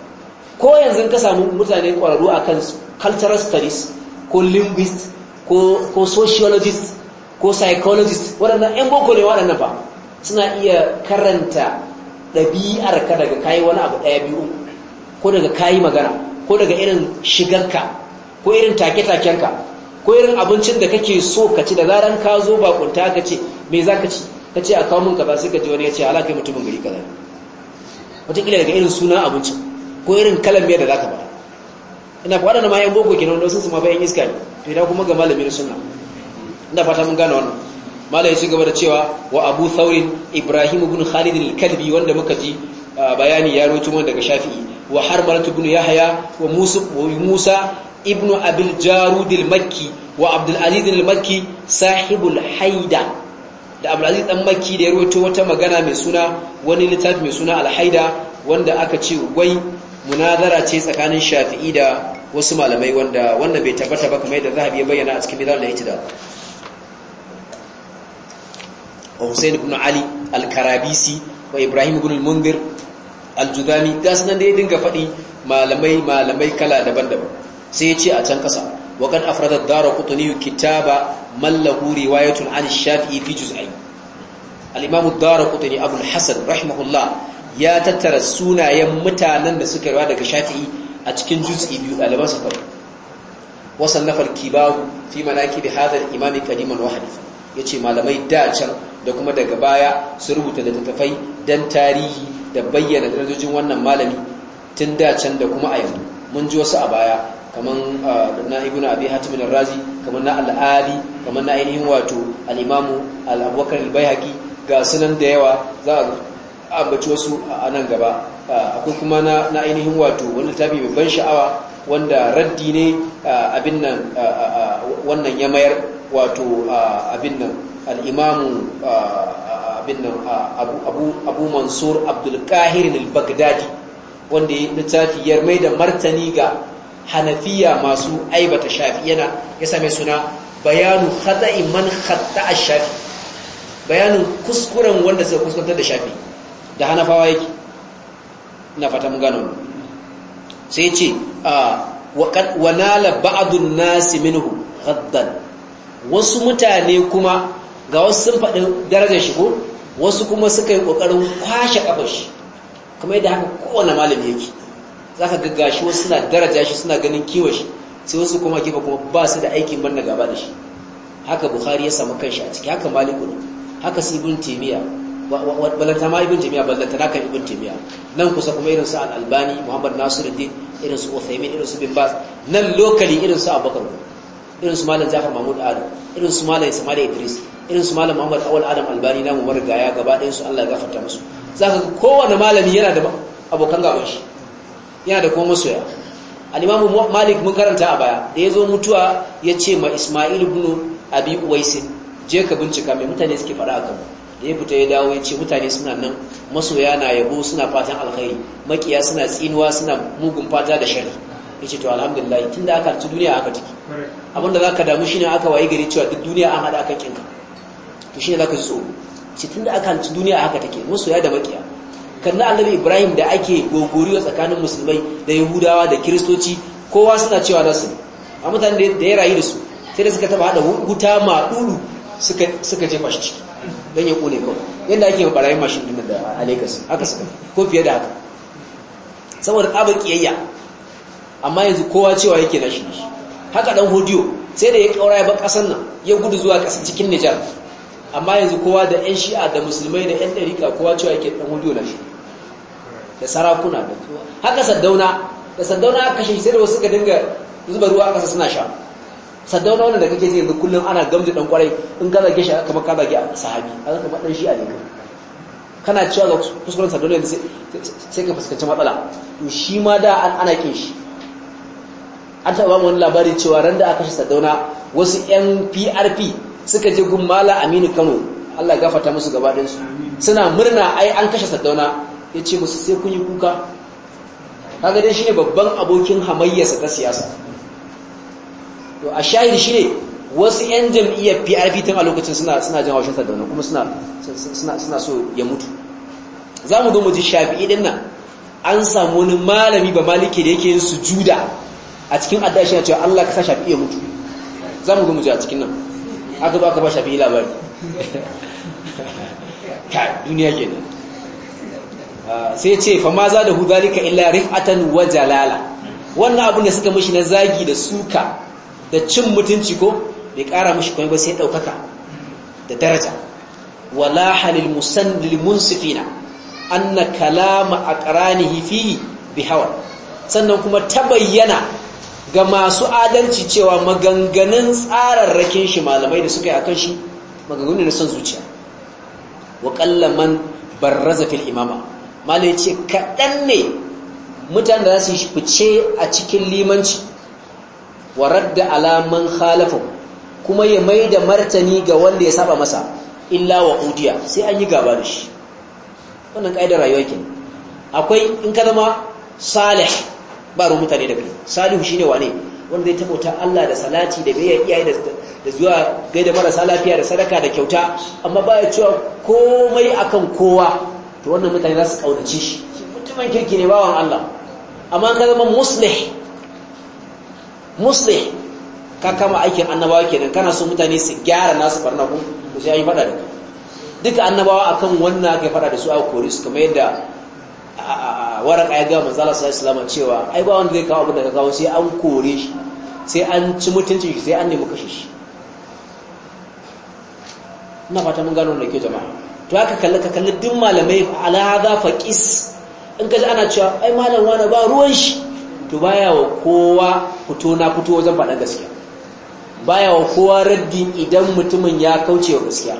ko yanzu ka samu mutane kwararru akan cultural studies ko linguist ko ko sociologist ko psychologist waɗannan 'yan boko ne waɗannan ba suna iya karanta ɗabi'ar ka daga kayi wani abu ɗaya biyu ko daga kayi magana ko daga irin shigarka ko irin take-takenka ko irin abincin da kake so ka ci da zaran ka zo bakunta ka ce me za ka ci ka ce a kawo min ba sai ka ji wani ya ce ala mutumin gari kaza wataƙila daga irin suna abincin ko irin kalan miya da za ka ba ina faɗa na ma yan boko kenan sun su ma bayan iska ne to ina kuma ga malamin suna ina fata mun gane wannan mala ya ci gaba da cewa wa abu saurin ibrahim ibn khalid al-kalbi wanda muka ji bayani ya roci mun daga shafi'i wa harmalat ibn yahya wa musa wa musa ibn abil jarud al-makki wa abdul aziz al-makki sahibul haida da abdul aziz dan makki da ya roto wata magana mai suna wani littafi mai suna alhaida haida wanda aka ce gwai munazara ce tsakanin shafi'i da wasu malamai wanda wanda bai tabbata ba kamar yadda zahabi ya bayyana a cikin ya da da. wa Hussein ibn Ali al-Karabisi wa Ibrahim ibn al-Mundir al-Judami ga sunan da ya dinga faɗi malamai malamai kala daban-daban sai ya ce a can kasa wa kan afrada ad-Darqutni kitaba mallahu riwayatun an shafi'i fi juz'ai al-Imam ad-Darqutni Abu al-Hasan rahimahullah ya tattara sunayen mutanen da suka rawa daga Shafi'i a cikin juz'i biyu ɗalibansa kawai wasannafa al-kibahu fi manaqib hadha al-imam qadiman wa hadithan ya ce malamai da can da kuma daga baya su rubuta littattafai don tarihi da bayyana darajojin wannan malami tun da can da kuma a yanzu mun ji wasu a baya kamar ah, na ibn abin hatimin razi kamar na al'ali kamar na ainihin wato al'imamu al'abubakar albayhaqi ga sunan da yawa za a ambaci wasu a nan gaba ah, akwai kuma na ainihin wato wani littafi babban sha'awa wanda raddi ne ah, abin nan wannan ya mayar wato abin nan al'imamu abin nan abu mansur abdulkahirin al-baghdadi wanda ya littafi ya mai da martani ga hanafiya masu aibata shafi yana ya same suna bayanu khata'i man a shafi bayanin kuskuren wanda suka kuskurantar da shafi da hanafawa yake na fata mun gano sai ce wa nala Ba'adun nasi minhu ghaddan wasu mutane kuma ga wasu sun faɗi darajar shi ko wasu kuma suka yi ƙoƙarin kwashe ƙafar shi kuma yadda haka kowane malami yake za ka gagga shi wasu suna daraja shi suna ganin kiwon shi sai wasu kuma kifa kuma ba su da aikin ban na gaba da shi haka Buhari ya samu kanshi a ciki haka maliku ne haka su ibn timiya balanta ma ibn timiya balanta na kan ibn timiya nan kusa kuma irin su al-albani muhammad nasiruddin irin su uthaymin irin su bin baz nan lokali irin su abubakar irin su malam Jafar Mahmud Adam irin su malam Ismail Idris irin su malam Muhammad Awal Adam Albani na Umar Gaya gaba ɗaya su Allah ya gafarta musu za ga kowane malami yana da abokan gaban shi yana da kuma masoya alimamu Malik mun karanta a baya da ya zo mutuwa ya ce ma Ismail ibn Abi Uwais je ka bincika mai mutane suke faɗa a gaba da ya fita ya dawo ya ce mutane suna nan masoya na yabo suna fatan alkhairi makiya suna tsinuwa suna mugun fata da shari'a ya ce to alhamdulillah tun da aka harci duniya aka ciki abinda za ka damu shine aka waye gari cewa duk duniya an haɗa akan kinka to shine za ka ji tsoro ce tun da aka harci duniya haka take ya da makiya kanna annabi ibrahim da ake gogoriwa tsakanin musulmai da yahudawa da kiristoci kowa suna cewa su a mutane da ya rayu da su sai da suka taba haɗa wuta maɗudu suka jefa shi ciki don ya ƙone kawai yadda ake barayin mashin dinar da a lagos haka suka ko fiye da haka saboda tsabar ƙiyayya amma yanzu kowa cewa yake na shi haka dan hodiyo sai da ya kaura ya ba kasar nan ya gudu zuwa kasar cikin Nijar amma yanzu kowa da ƴan shi'a da musulmai da ƴan ɗariƙa kowa cewa yake dan hodiyo na shi da sarakuna da haka saddauna da saddauna aka kashe sai da wasu ka dinga zuba ruwa a ƙasa suna sha saddauna wanda kake ji yanzu kullum ana gamji dan kwarai in ka zage shi kamar ka zage sahabi a zaka dan shi'a ne kana cewa ga kuskuren saddauna yanzu sai ka fuskanci matsala to shi ma da ana kin shi an taɓa mu wani labari cewa ran da aka shi sadauna wasu yan prp suka je gummala aminu kano allah gafata musu gabaɗinsu suna murna ai an kashe sadauna ya ce musu sai kun yi kuka kaga dai shine babban abokin hamayyarsa ta siyasa to a shahir shine wasu yan jam'iyyar PRP tun a lokacin suna suna jin haushin sadauna kuma suna suna suna so ya mutu zamu ga mu ji Shafi'i din nan an samu wani malami ba maliki da yake yin sujuda a cikin addu'a shi cewa Allah ka sa shafi'i ya mutu za mu gumuji a cikin nan aka zo aka ba shafi labari ka duniya ke nan. Ah, sai ce fa ma za da hu zalika illa rif'atan wa jalala wannan abin da suka mishi na zagi da suka da cin mutunci ko bai kara mishi komai ba sai daukaka da daraja wala halil musannil munsifina anna kalama aqranihi fihi bihawa sannan kuma tabayyana ga masu adalci cewa maganganun tsararrakin shi malamai da suka yi kan shi maganganun na son zuciya wa kallaman barraza fil imama malai ce kaɗan ne mutane da za su fice a cikin limanci wa radda alaman khalafa kuma ya mai da martani ga wanda ya saba masa illa wa udiya sai an yi gaba da shi wannan ƙa'idar rayuwa ke akwai in ka zama salih ba mutane da kai salihu shine wane wanda zai tabbata Allah da salati da bayan iyaye da zuwa gaida marasa lafiya da sadaka da kyauta amma baya ya cewa komai akan kowa to wannan mutane za su kaunace shi mutumin kirki ne bawan Allah amma ka zama muslih muslih ka kama aikin annabawa kenan kana so mutane su gyara nasu barna ku sai yi fada da duka annabawa akan wannan aka fada da su a kori su kamar yadda waraka ya ga manzo Allah sallallahu cewa ai ba wanda zai kawo abin da ka kawo sai an kore shi sai an ci mutunci shi sai an nemi kashe shi ina fata mun gano da ke jama'a to haka kalli ka kalli duk malamai ala hada faqis in kaji ana cewa ai malam wani ba ruwan shi to baya wa kowa fito na fito wajen faɗa gaskiya baya wa kowa raddi idan mutumin ya kauce wa gaskiya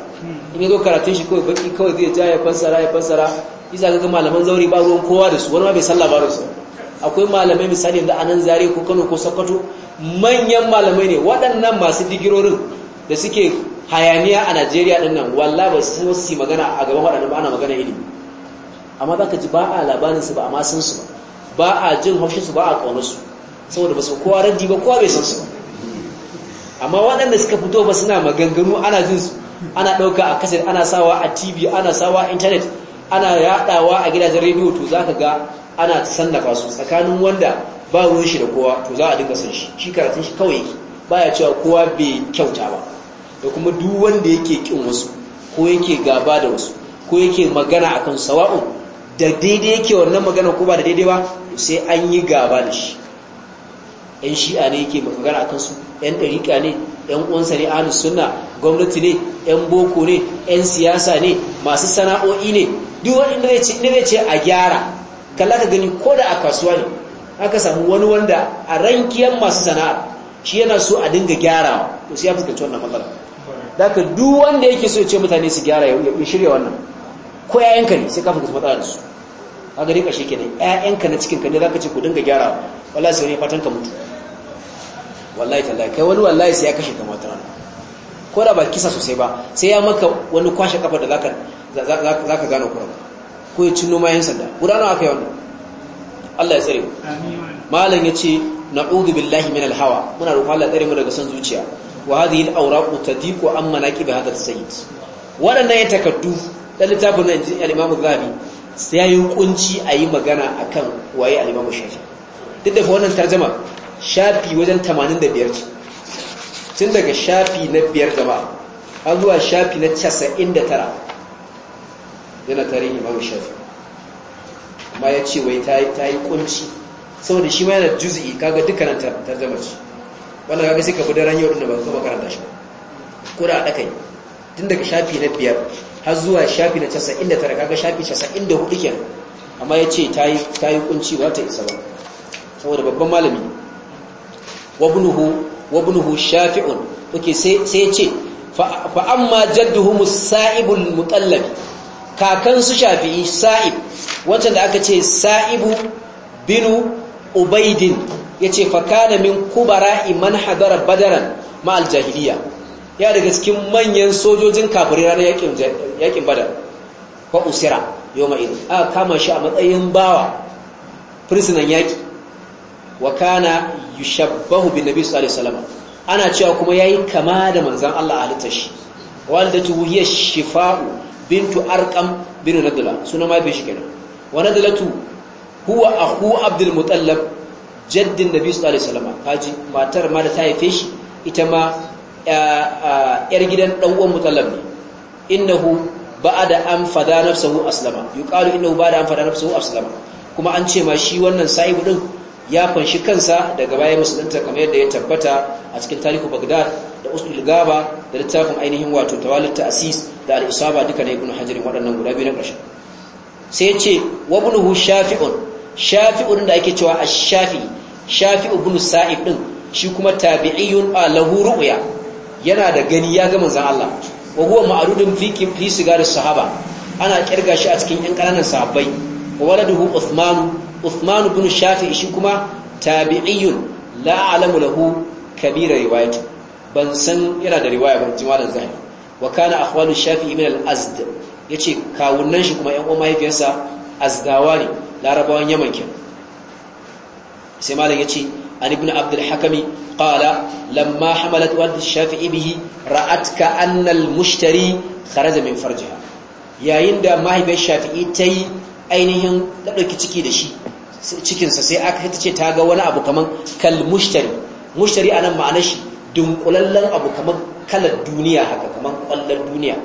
in zo karatun shi kawai baki kawai zai ja ya fassara ya fassara iza ga malaman zauri ba ruwan kowa da su wani ma bai san ba su akwai malamai misali yanzu a nan zare ko Kano ko Sokoto manyan malamai ne waɗannan masu digirorin da suke hayaniya a Najeriya din nan wallahi ba su yi magana a gaban waɗannan ba ana magana ilimi amma zaka ji ba a labarin su ba amma masinsu ba a jin haushin ba a kaunar saboda ba su kowa raddi ba kowa bai san su amma waɗanda suka fito ba suna maganganu ana jin su ana ɗauka a kasar ana sawa a tv ana sawa a intanet ana yadawa a gidajen rediyo to za ka ga ana sannafa su tsakanin wanda ba ruwan shi da kowa to za a dinga san shi shi karatun shi kawai ba ya cewa kowa bai kyauta ba da kuma duk wanda yake kin wasu ko yake gaba da wasu ko yake magana akan sawa'un da daidai yake wannan magana ko ba da daidai ba sai an yi gaba da shi yan shi'a ne yake magana akan su yan Ɗariƙa ne yan uwansa ne ahlus sunna gwamnati ne yan boko ne yan siyasa ne masu sana'o'i ne duk wanda zai ce a gyara kalla ka gani ko da a kasuwa ne aka samu wani wanda a rankiyar masu sana'a shi yana so a dinga gyarawa to sai ya fuskanci wannan matsala da ka duk wanda yake so ya ce mutane su gyara ya shirya wannan ko 'ya'yanka ne sai ka fuskanci matsala da su a gari ƙashe kenan 'ya'yanka na cikin ka ne zaka ce ku dinga gyarawa wallahi sai ne fatan ka mutu wallahi tallahi kai wani wallahi sai ya kashe ka mata ko da ba kisa sosai ba sai ya maka wani kwashe kafa da zaka zaka gane ba. ko ya cinno mayan sanda gudana aka yi wannan Allah ya tsare malam yace na'udhu billahi min al-hawa muna roƙon Allah ya tsare mu daga san zuciya wa hadhihi al-awraq tadiqu amma naqib hadha sayyid wadannan ya takaddu da littafin nan al-Imam Zahabi sai yayi kunci ayi magana akan waye al-Imam Shafi duk da wannan tarjuma shafi wajen 85 ce tun daga shafi na biyar gaba har zuwa shafi na casa'in da tara yana tarihin imam shafi amma ya ce wai ta yi kunci saboda shi ma yana juzi'i kaga dukkanin zama ce wannan kaga sai ka fi daren yau da ba kuma karanta shi kura da ɗakai tun daga shafi na biyar har zuwa shafi na casa'in da tara kaga shafi casa'in da hudu kenan amma ya ce ta yi kunci ba ta isa ba saboda babban malami wabnuhu wa shafi'un okay sai ce fa amma jadduhum sa'ibul mutallabi kakan su shafi'i sa'ib wancan da aka ce sa'ibu binu ubaidin ya fa kana min kubara'i man hadara badaran ma al-jahiliya ya daga cikin manyan sojojin kafirai ranar yakin badar fa usira yawma idin aka kama shi a matsayin bawa prisoner yaki wa kana yushabbahu bin nabi sallallahu alaihi wasallam ana cewa kuma yayi kama da manzon Allah a halittar walidatu hiya shifa'u bintu arqam bin nadla sunan mai bi shi kenan wa nadlatu huwa akhu abdul mutallab jaddin nabi sallallahu alaihi wasallam kaji matar ma da ta haife shi ita ma yar gidan dan uwan mutallab ne innahu ba'da an fada nafsuhu aslama yuqalu innahu ba'da an fada nafsuhu aslama kuma an ce ma shi wannan sa'ibu din ya fanshi kansa daga baya musulunta kamar yadda ya tabbata a cikin tarihu bagdad da usul gaba da littafin ainihin wato tawalit ta'sis da al-isaba duka na ibn hajar waɗannan guda biyu na ƙarshe sai ya ce wa ibnuhu shafi'un shafi'un da ake cewa ash-shafi shafi'u ibn sa'id din shi kuma tabi'iyun lahu ru'ya yana da gani ya ga manzon Allah wa huwa ma'rudun fi fi sigar sahaba ana kirga shi a cikin yan ƙananan sahabbai wa waladuhu Uthman Uthman ibn shi kuma tabi'iyyun la a'lamu lahu kabira riwayatu ban san yana da riwaya ban ji malam zahiri wa kana akhwalu Shafi'i min al-Azd yace shi kuma ƴan uwan mahaifiyarsa Azdawa ne larabawan Yaman sai malam yace عن ابن عبد الحكم قال لما حملت ولد الشافعي به رأت كأن المشتري خرج من فرجها yayin da mahaifiyar shafi'i ta yi ainihin ta ɗauki ciki da shi cikinsa sai aka ta ce ta ga wani abu kamar kal mushtari mushtari a nan ma'anar shi dunkulallen abu kamar kalar duniya haka kamar kwallon duniya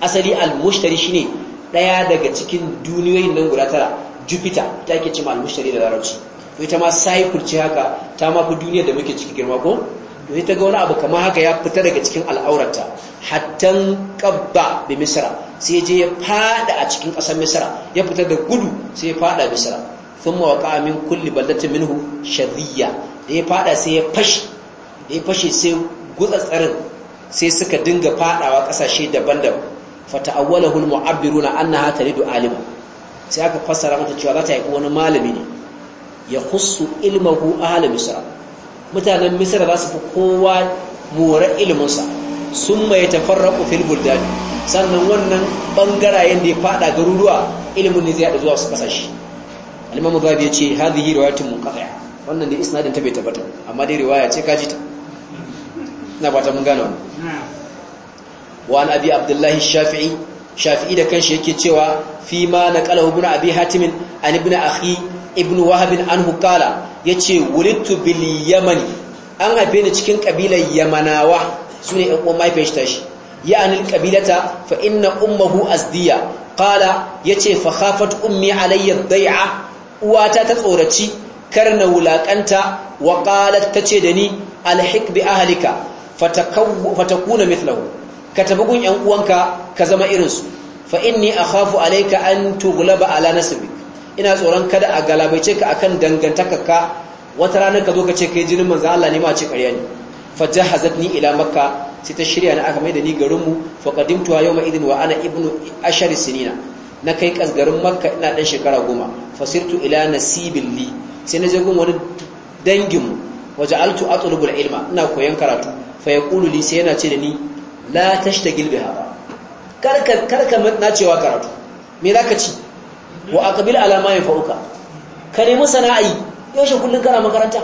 asali al mushtari shine ɗaya daga cikin duniyoyin nan guda tara jupiter ta ke cima al mushtari da larabci ita ma cycle ce haka ta ma mafi duniyar da muke ciki girma ko to ita ga wani abu kamar haka ya fita daga cikin al'aurata hattan ƙabba bi misra sai je ya fada a cikin ƙasar misra ya fita da gudu sai ya fada misra thumma waqa min kulli baldatin minhu shariya da ya fada sai ya fashi da ya fashe sai gutsatsarin sai suka dinga fadawa ƙasashe daban-daban fata'awwalahu al-mu'abbiruna annaha talidu alima sai aka fassara mata cewa za ta yi wani malami ne ya khussu ilmahu ahli misra mutanen misira za su fi kowa mora ilminsa sun mai tafarra fil buldani sannan wannan bangarayen da ya fada garuruwa ilimin ne zai haɗa zuwa su ƙasashe al babu ya ce hadhihi riwayatun munqati'a wannan da isnadin ta bai tabbata amma dai riwaya ce kaji ta ina ba ta mun gano wa an abi abdullahi shafi'i shafi'i da kanshi yake cewa fi ma na naqalahu ibn abi hatim an ibn akhi ibn wahabin anhu kala yace wulidtu bil yamani an haife ni cikin kabilar yamanawa sune ɗan uwan mahaifiyar tashi ya'ani kabilata fa inna ummahu azdiya qala yace fa khafat ummi alayya dai'a uwata ta tsoraci karna wulakanta wa ta tace da ni alhiq bi ahlika fatakuna mithlahu ka tafi gun yan uwanka ka zama irin su fa inni akhafu alayka an tughlaba ala nasbi ina tsoron kada a galabaice ka akan dangantakaka wata ranar ka zo ka ce kai jinin manzo Allah ne ma ce ƙarya ne fajahazatni ila makka sai ta shirya na aka mai da ni garin mu faqadimtu yawma idin wa ana ibnu ashar sinina na kai kasgarin makka ina dan shekara goma fasirtu ila nasibin li sai na je gun wani dangin mu waja'altu atlubu ilma ina koyan karatu fa yaqulu li sai yana ce da ni la tashtagil biha karka karka na cewa karatu me zaka ci wa aqbil ala ma yanfa'uka ka nemi sana'i yaushe kullun kana makaranta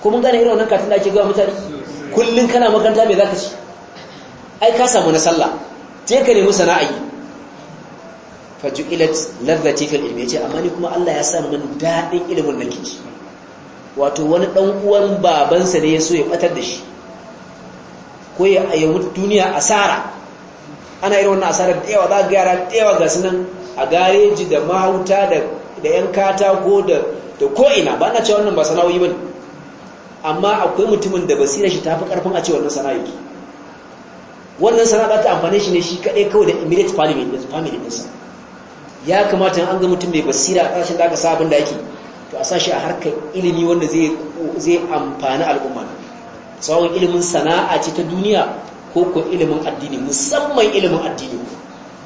ko mun gane irin wannan katin da ake ga mutane kullun kana makaranta me zaka ci ai ka samu na sallah je ka nemi sana'i faju'ilat ladhati fil ilmi ce amma ni kuma Allah ya sa min dadin ilimin nan kici wato wani dan uwan babansa ne ya so ya batar da shi ko ya ayyuka duniya asara ana irin wannan asarar da yawa za ga yara da yawa ga sunan a gareji da mahauta da 'yan katako da ko'ina ba na cewa wannan ba sana'o'i ba amma akwai mutumin da basira shi ta fi karfin a ce wannan sana'o'i wannan sana'a za ta amfane shi ne shi kaɗai kawai da immediate family ɗinsa ya kamata an ga mutum mai basira a ƙarshen da aka sa abin da yake to a sashi a harkar ilimi wanda zai amfani al'umma tsawon ilimin sana'a ce ta duniya ko ko ilimin addini musamman ilimin addini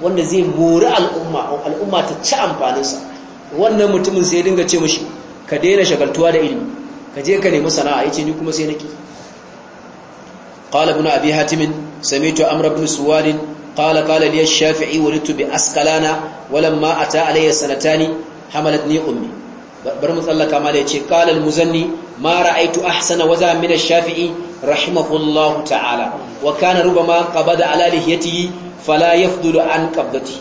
wanda zai mori al'umma al'umma ta ci amfaninsa wannan mutumin sai dinga ce mashi ka daina shagaltuwa da ilimi ka je ka nemi sana'a ce ni kuma sai naki qala ibn abi hatim sami'tu amr ibn suwan qala qala li ash-shafi'i walitu bi asqalana walamma ata alayya sanatani hamalatni ummi bar mu tsallaka ma da yace qala al-muzanni ma ra'aytu ahsana waza min ash-shafi'i rahimahullahu ta'ala wa kana rubama qabada ala lihiyatihi fala yafdulu an qabdati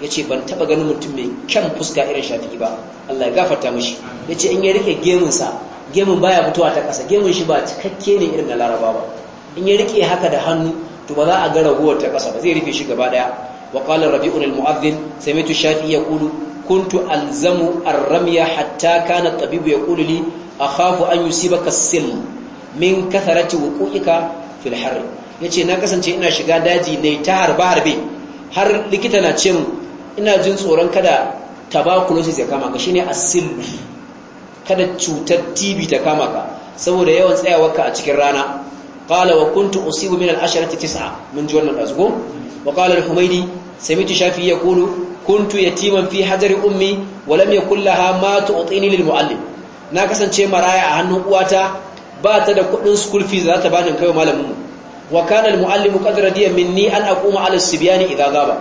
yace ban taba ganin mutum mai kyan fuska irin shafi'i ba Allah ya gafarta mishi yace in ya rike gemun sa gemun baya fitowa ta kasa gemun shi ba cikakke ne irin na laraba ba in ya rike haka da hannu to ba za a ga raguwar ta kasa ba zai rufe shi gaba daya wa qala rabi'un al-mu'adhdhin sami'tu shafi'i yaqulu kuntu alzamu ar-ramya hatta kana at-tabibu yaqulu li akhafu an yusibaka as-silm min kasarati wuqu'ika fil har yace na kasance ina shiga daji ne ta harba harbe har likita na ce ina jin tsoron kada tuberculosis ya kama ka shine asil kada cutar TB ta kama ka saboda yawan ka a cikin rana qala wa kuntu usibu min al-asharati tis'a mun ji wannan azgo wa qala al-humaydi sami'tu shafi yaqulu kuntu yatiman fi hajari ummi wa lam yakul laha ma tu'tini lil mu'allim na kasance maraya a hannun uwata ba ta da kudin school fees za ta ba ni kai malamin mu wa kana almuallimu qad radiya minni an aquma ala sibyani idza gaba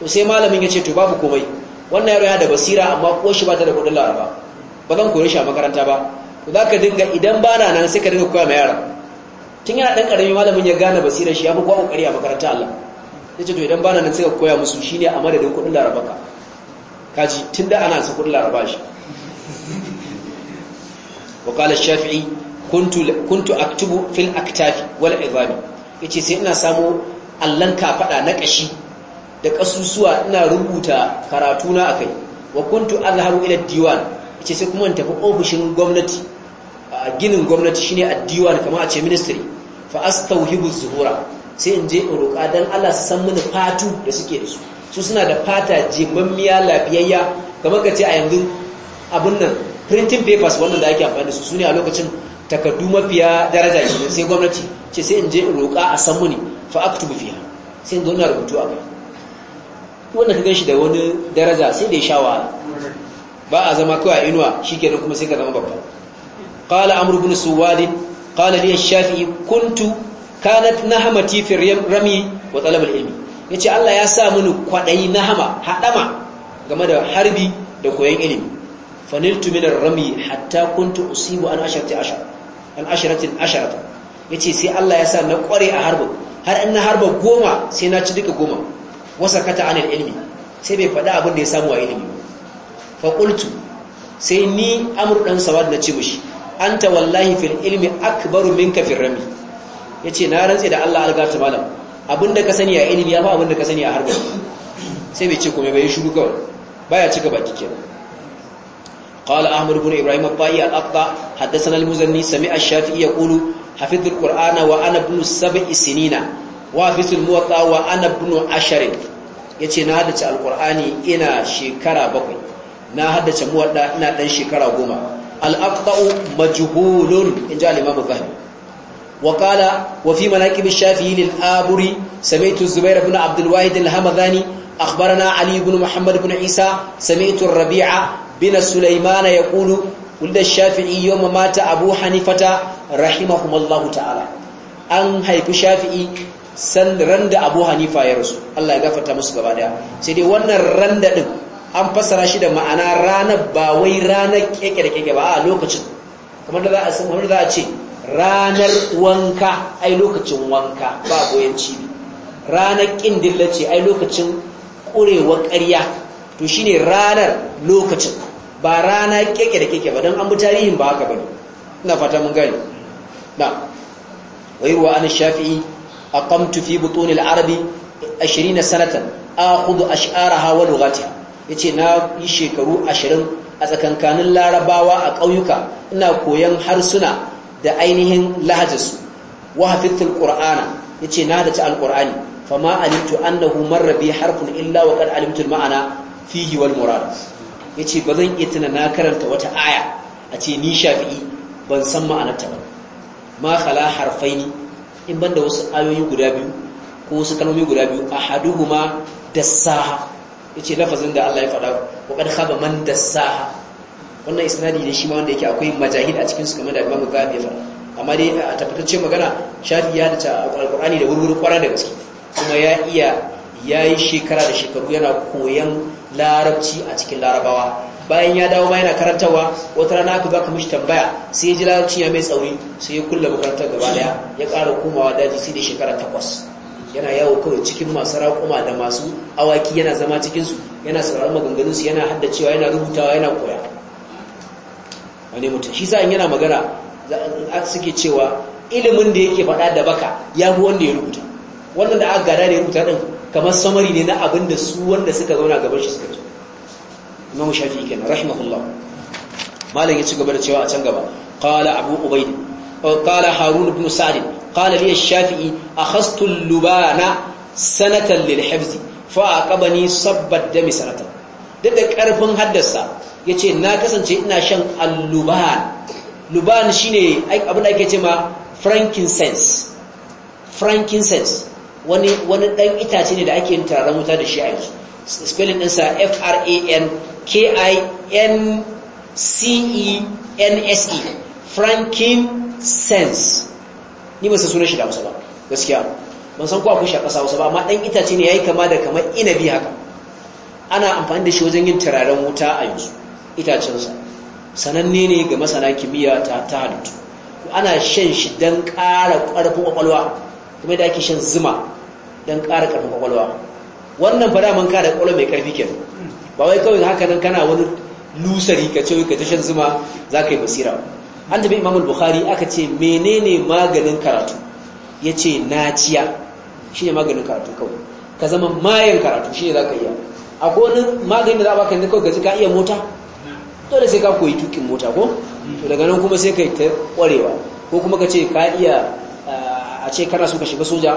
to sai malamin yace to babu komai wannan yaro ya da basira amma ko shi ba ta da kudin laraba ba zan koyi shi a makaranta ba to zaka dinga idan bana nan sai ka dinga koya ma yara tun yana dan karami malamin ya gane basirar shi ya fi kwa kokari a makaranta Allah yace to idan bana nan sai ka koya musu shine a madadin kudin laraba ka kaji tunda ana sa kudin laraba shi وقال الشافعي kuntu aktubu fil aktafi wal idami yace sai ina samu allan kafaɗa na kashi da kasusuwa ina rubuta karatu na akai wa kuntu azharu ila diwan yace sai kuma in tafi ofishin gwamnati ginin gwamnati shine a diwan kamar a ce ministry fa astawhibu zuhura sai in je in roƙa dan Allah su san mani fatu da suke da su su suna da fata jibammiya lafiyayya kamar ka ce a yanzu abun nan printing papers wannan da ake amfani da su sune a lokacin takardu mafiya daraja shi sai gwamnati ce sai in je in roƙa a san muni fa aktubu fiha sai in zauna rubutu a kai wannan ka ganshi da wani daraja sai da ya sha ba a zama kawai a inuwa shikenan kuma sai ka zama babba qala amru ibn suwad qala li ash-shafi'i kuntu kanat nahmati fi rami wa talab al-ilmi yace Allah ya sa muni kwadai nahma hadama game da harbi da koyon ilimi faniltu min ar-rami hatta kuntu usibu an ashati ashar al’ashiratin ashirata ya ce sai Allah ya sa na kware a harba har in na harba goma sai na ci duka goma wasa kata anil ilmi sai bai faɗi abin da ya samu a ilimi faƙultu sai ni amur sawad na ce mushi an ta wallahi fil ilmi akbaru min fil rami ya ce na rantse da Allah algata malam abin da ka sani a ilimi ya fa abin da ka sani a harba sai bai ce kome bai yi shuru kawai baya cika baki kenan قال أحمد بن إبراهيم الطائي الأقضى حدثنا المزني سمع الشافعي يقول حفظ القرآن وأنا ابن سبع سنين وحفظ الموطأ وأنا ابن عشر yace na haddace alqur'ani ina shekara bakwai na haddace muwadda ina dan shekara goma al-aqta'u majhulun inja al-imam Bukhari وقال وفي مناكب الشافعي للآبري سمعت الزبير بن عبد الواحد الهمذاني أخبرنا علي بن محمد بن عيسى سمعت الربيع bin Sulaimana ya kulu wulda shafi'i yau mata abu hanifata rahimahumallahu ta'ala an haifi shafi'i san randa abu hanifa ya rasu Allah ya gafarta musu gaba daya sai dai wannan randa din an fassara shi da ma'ana ranar ba wai ranar keke da keke ba a lokacin kamar da za a san kamar za a ce ranar wanka ai lokacin wanka ba goyen cibi ranar kin dilla ce ai lokacin kurewa ƙarya to shine ranar lokacin ba rana keke da keke ba dan an bi tarihin ba haka bane ina fata mun gani na wai an shafi'i kamtu fi butun al-arab 20 sanatan akhudhu ash'araha wa lughatiha yace na yi shekaru 20 a tsakankanin larabawa a ƙauyuka ina koyan harsuna da ainihin lahajarsu wa hafizul qur'ana yace na da ta al-qur'ani fama alimtu annahu marra harfin illa wa qad alimtu maana fihi wal murad yace ba zan iya tuna na karanta wata aya a ce ni shafi'i ban san ma'anarta ba ma khala harfaini in banda wasu ayoyi guda biyu ko wasu kalmomi guda biyu ahaduhuma dassaha yace lafazin da Allah ya faɗa wa kad khaba man dassaha wannan isnadi ne shi ma wanda yake akwai majahid a cikin su kamar da Imam Ghazali ya faɗa amma dai a tabbatacce magana shafi'i ya dace alqur'ani da wurwuri kwara da gaske kuma ya iya yayi shekara da shekaru yana koyan larabci a cikin larabawa bayan ya dawo ma yana karantarwa wata rana aka baka mishi tambaya sai ya ji larabci ya mai tsauri sai ya kulle makarantar gaba daya ya ƙara komawa daji sai da shekara takwas yana yawo kawai cikin masu raƙuma da masu awaki yana zama cikinsu yana sauraron maganganunsu yana haddacewa yana rubutawa yana koya wani mutum shi sa'in yana magana suke cewa ilimin da yake faɗa da baka ya fi wanda ya rubuta wannan da aka gada da ya rubuta ɗin kamar samari ne na abin da su wanda suka zauna gaban shi suka ji imam shafi'i kenan rahimahullah malam ya ci gaba da cewa a can gaba qala abu ubayd qala harun ibn sa'd qala li ash-shafi'i akhastu al-lubana sanatan lil hifzi fa aqabani sabba dami sanatan duk da karfin haddasa yace na kasance ina shan al-luban luban shine abin da ake cewa frankincense frankincense wani wani dan itace ne da ake yin turaren wuta da shi a yanzu spelling ɗinsa f r a n k i n c e n s e frankincense ni ba sa sunan shi da Hausa ba gaskiya ban san ko akwai shi a ƙasa Hausa ba amma ɗan itace ne yayi kama da kamar inabi haka ana amfani da shi wajen yin turaren wuta a yanzu itacensa sananne ne ga masana kimiyya ta halittu ana shan shi don ƙara ƙarfin ƙwaƙwalwa kuma da ake shan zuma don ƙara ƙarfin kwakwalwa wannan ba man da kwakwalwa mai ƙarfi ke ba wai kawai haka nan kana wani lusari ka ce ka ta shan zuma za ka yi basira an tafi imam bukhari aka ce menene maganin karatu ya ce naciya shi ne maganin karatu kawai ka zama mayan karatu shi ne za ka iya a wani maganin da za a baka yanzu kawai gaji ka iya mota dole sai ka koyi tukin mota ko daga nan kuma sai ka yi ta ƙwarewa ko kuma ka ce ka iya a ce kana suka shiga soja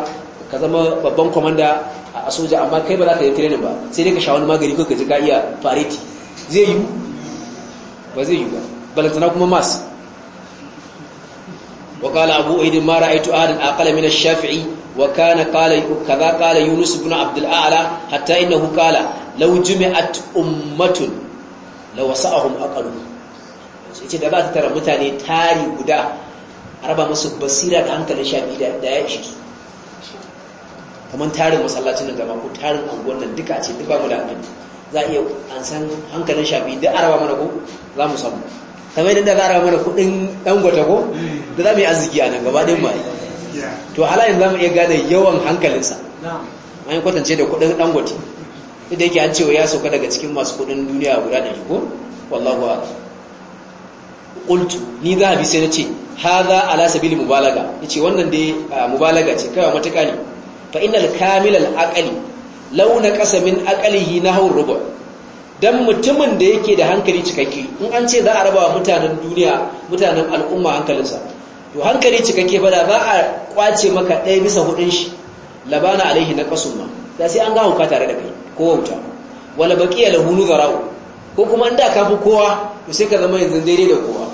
ka zama babban komanda a soja amma kai ba za ka yi training ba sai dai ka sha wani magani ko ka ji ga'iya fariti zai yi ba zai yi ba balantana kuma mas wa kala abu aidin ma ra'aitu adan aqala min ash-shafi'i wa kana qala kaza qala yunus ibn abd al-a'la hatta innahu qala law jumi'at ummatun law sa'ahum aqalu yace da za ta tara mutane tari guda a raba musu basira da hankalin sha biyu da ya ishe kamar tarin masallacin nan gama ko tarin anguwan nan duka ce duk ba mu da annabi za a iya an san hankalin sha biyu duk a raba mana ko za mu samu kamar yadda za a raba mana kuɗin ɗan gwata ko da za mu yi arziki a nan gaba ɗin ma to halayen za mu iya gane yawan hankalinsa an yi kwatance da kuɗin ɗan gwata duk da yake an cewa ya sauka daga cikin masu kuɗin duniya guda da shi ko wallahu a'lam Ƙultu, ni za a bi sai nace hadha ala sabil mubalaga ce wannan dai ah, mubalaga ce kawai matuka ne fa innal akali launa launa law naqasa min na hau rubar dan mutumin da yake da hankali cikakke in an ce za a raba wa mutanen duniya mutanen al'umma hankalinsa to hankali cikakke ba da ba a kwace maka ɗaya bisa hudun shi labana alaihi na kasu ma. da sai an ga ka tare da kai ko wauta wala ya lahu zara'u ko kuma inda ka fi kowa to sai ka zama yanzu daidai da kowa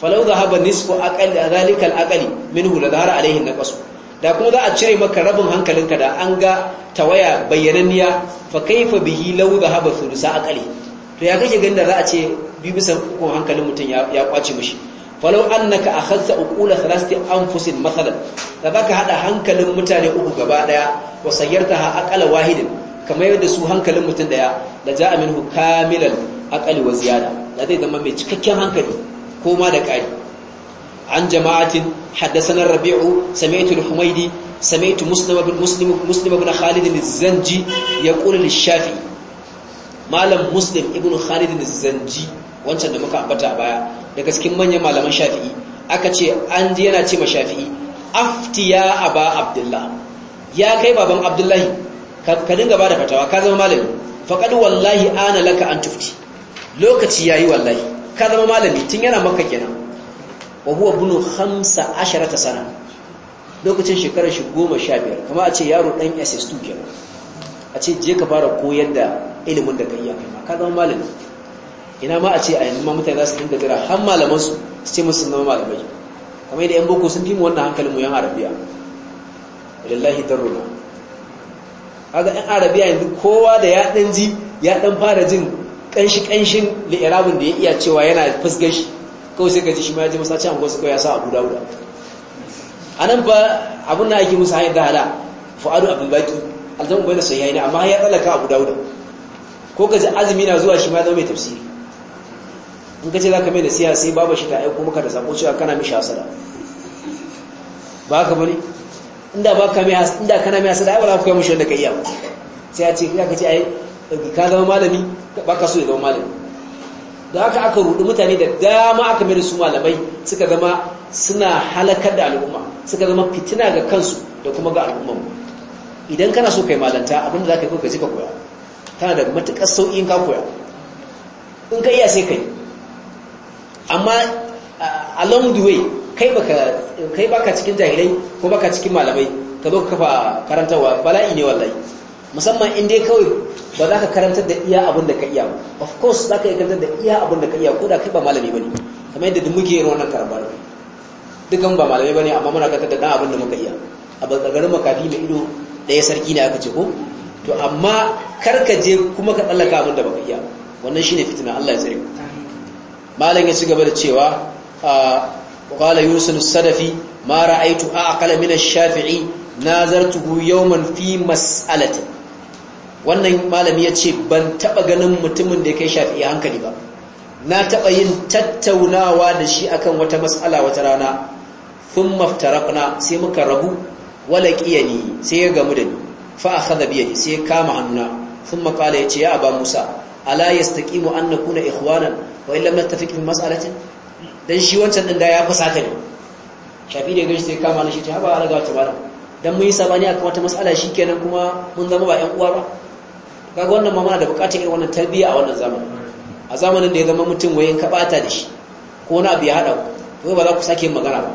falau da haba nisfu aqali zalikal aqali minhu la dhara alaihi naqas da kuma za a cire maka rabin hankalinka da an ga tawaya bayyananniya fa kaifa bihi law da haba thulusa aqali to ya kake ganin da za a ce bi bisa ko hankalin mutum ya kwace mishi falau annaka akhadta uqula thalathati anfusin mathalan da zaka hada hankalin mutane uku gaba daya wa sayyartaha aqala wahidin kamar yadda su hankalin mutum daya da a minhu kamilan akali wa ziyada da zai zama mai cikakken hankali ko ma da kari an jama'atin haddasan rabi'u sami'tu al-humaydi sami'tu muslim ibn muslim muslim ibn khalid al-zanji yaqulu lish-shafi malam muslim ibn khalid al-zanji wancan da muka ambata baya daga cikin manyan malaman shafi'i aka ce an ji yana ce ma shafi'i ya aba abdullah ya kai baban abdullahi ka dinga bada fatawa ka zama malami faqad wallahi ana laka an tufti lokaci yayi wallahi ka zama malami tun yana makka kenan wa huwa bunu 15 sana lokacin shekarar shi 15 kuma a ce yaro dan SS2 kenan a ce je ka fara koyar da ilimin da kai ya kai ka zama malami ina ma a ce a yanzu ma mutane za su dinga jira har malaman su su ce musu zama malamai kamar yadda yan boko sun fi mu wannan hankalin mu yan arabiya lillahi darruna kaga ɗan arabiya yanzu kowa da ya ɗan ji ya ɗan fara jin ƙanshi ƙanshin li'irabin da ya iya cewa yana fusgar shi kawai sai ka ji shi ma ya ji masaci an gwasu kawai ya sa abu dawuda a nan ba abin da ake musu hanyar da hala fu'adu abin baki alzan ubai da sai ne amma ya tsallaka abu dawuda ko ka ji azumi na zuwa shi ma zama mai tafsiri in ka ce za ka mai nasiha sai babu shi ta aiko maka da sako cewa kana mishi hasada ba ka bane inda ba ka mai inda kana mai hasada ai ba za ka koya mishi wanda ka iya sai ya ce ka ce ai ka zama malami ba ka so ya zama malami da haka aka rudu mutane da dama aka mai da su malamai suka zama suna halakar da al'umma suka zama fitina ga kansu da kuma ga al'umman idan kana so kai malanta abinda zaka yi ka ji ka koya tana da matukar sauƙin ka koya in ka iya sai kai amma along the way kai baka kai cikin jahilai ko baka cikin malamai ka zo ka kafa karantarwa bala'i ne wallahi musamman in dai kawai ba za ka karantar da iya abin da ka iya of course za ka yi karantar da iya abin da ka iya ko da kai ba malami ba ne kamar yadda muke yin wannan karambar dukan ba malamai ba ne amma muna karantar da ɗan abin da muka iya a ɓangaren makafi mai ido ɗaya sarki ne aka ce ko to amma kar ka je kuma ka tsallaka abin da baka iya wannan shine fitina Allah ya tsare malam ya ci gaba da cewa ah, وقال يوسف السلفي ما رأيت أعقل من الشافعي nazartuhu yawman fi mas'alati wannan malami ce ban taba ganin mutumin da ya kai shafi'i hankali ba na taba yin tattaunawa da shi akan wata mas'ala wata rana thumma iftaraqna sai muka rabu wala qiyani sai ya gamu da ni fa akhadha bi yadi sai kama hannuna thumma qala yace ya aba musa ala yastaqimu an nakuna wa in lam fi mas'alatin dan shi wancan din da ya sata ne shafi da gashi sai kama na shi ta haba alaga ta bala dan mun yi sabani kamata wata shi kenan kuma mun zama ba ƴan uwa ba kaga wannan ma muna da buƙatar irin wannan tarbiyya a wannan zamanin a zamanin da ya zama mutum waye ka bata da shi ko wani abu ya hada to ba za ku sake magana ba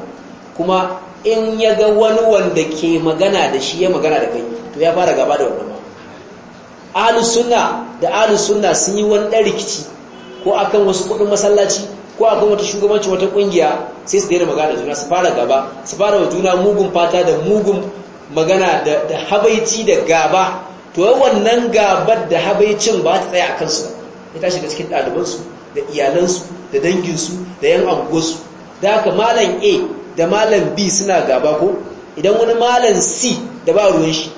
kuma in ya ga wani wanda ke magana da shi ya magana da kai to ya fara gaba da wannan ahlus sunna da ahlus sunna sun yi wani ɗan rikici ko akan wasu kudin masallaci ko akan wata shugabanci wata kungiya sai su daina magana juna su fara gaba su fara wa juna mugun fata da mugun magana da habaici da gaba to wannan gabar da habaicin ba ta tsaya a kansu ya tashi da cikin ɗalibansu da iyalansu da danginsu da yan angosu da haka malam a da malam b suna gaba ko idan wani malam c da ba ruwan shi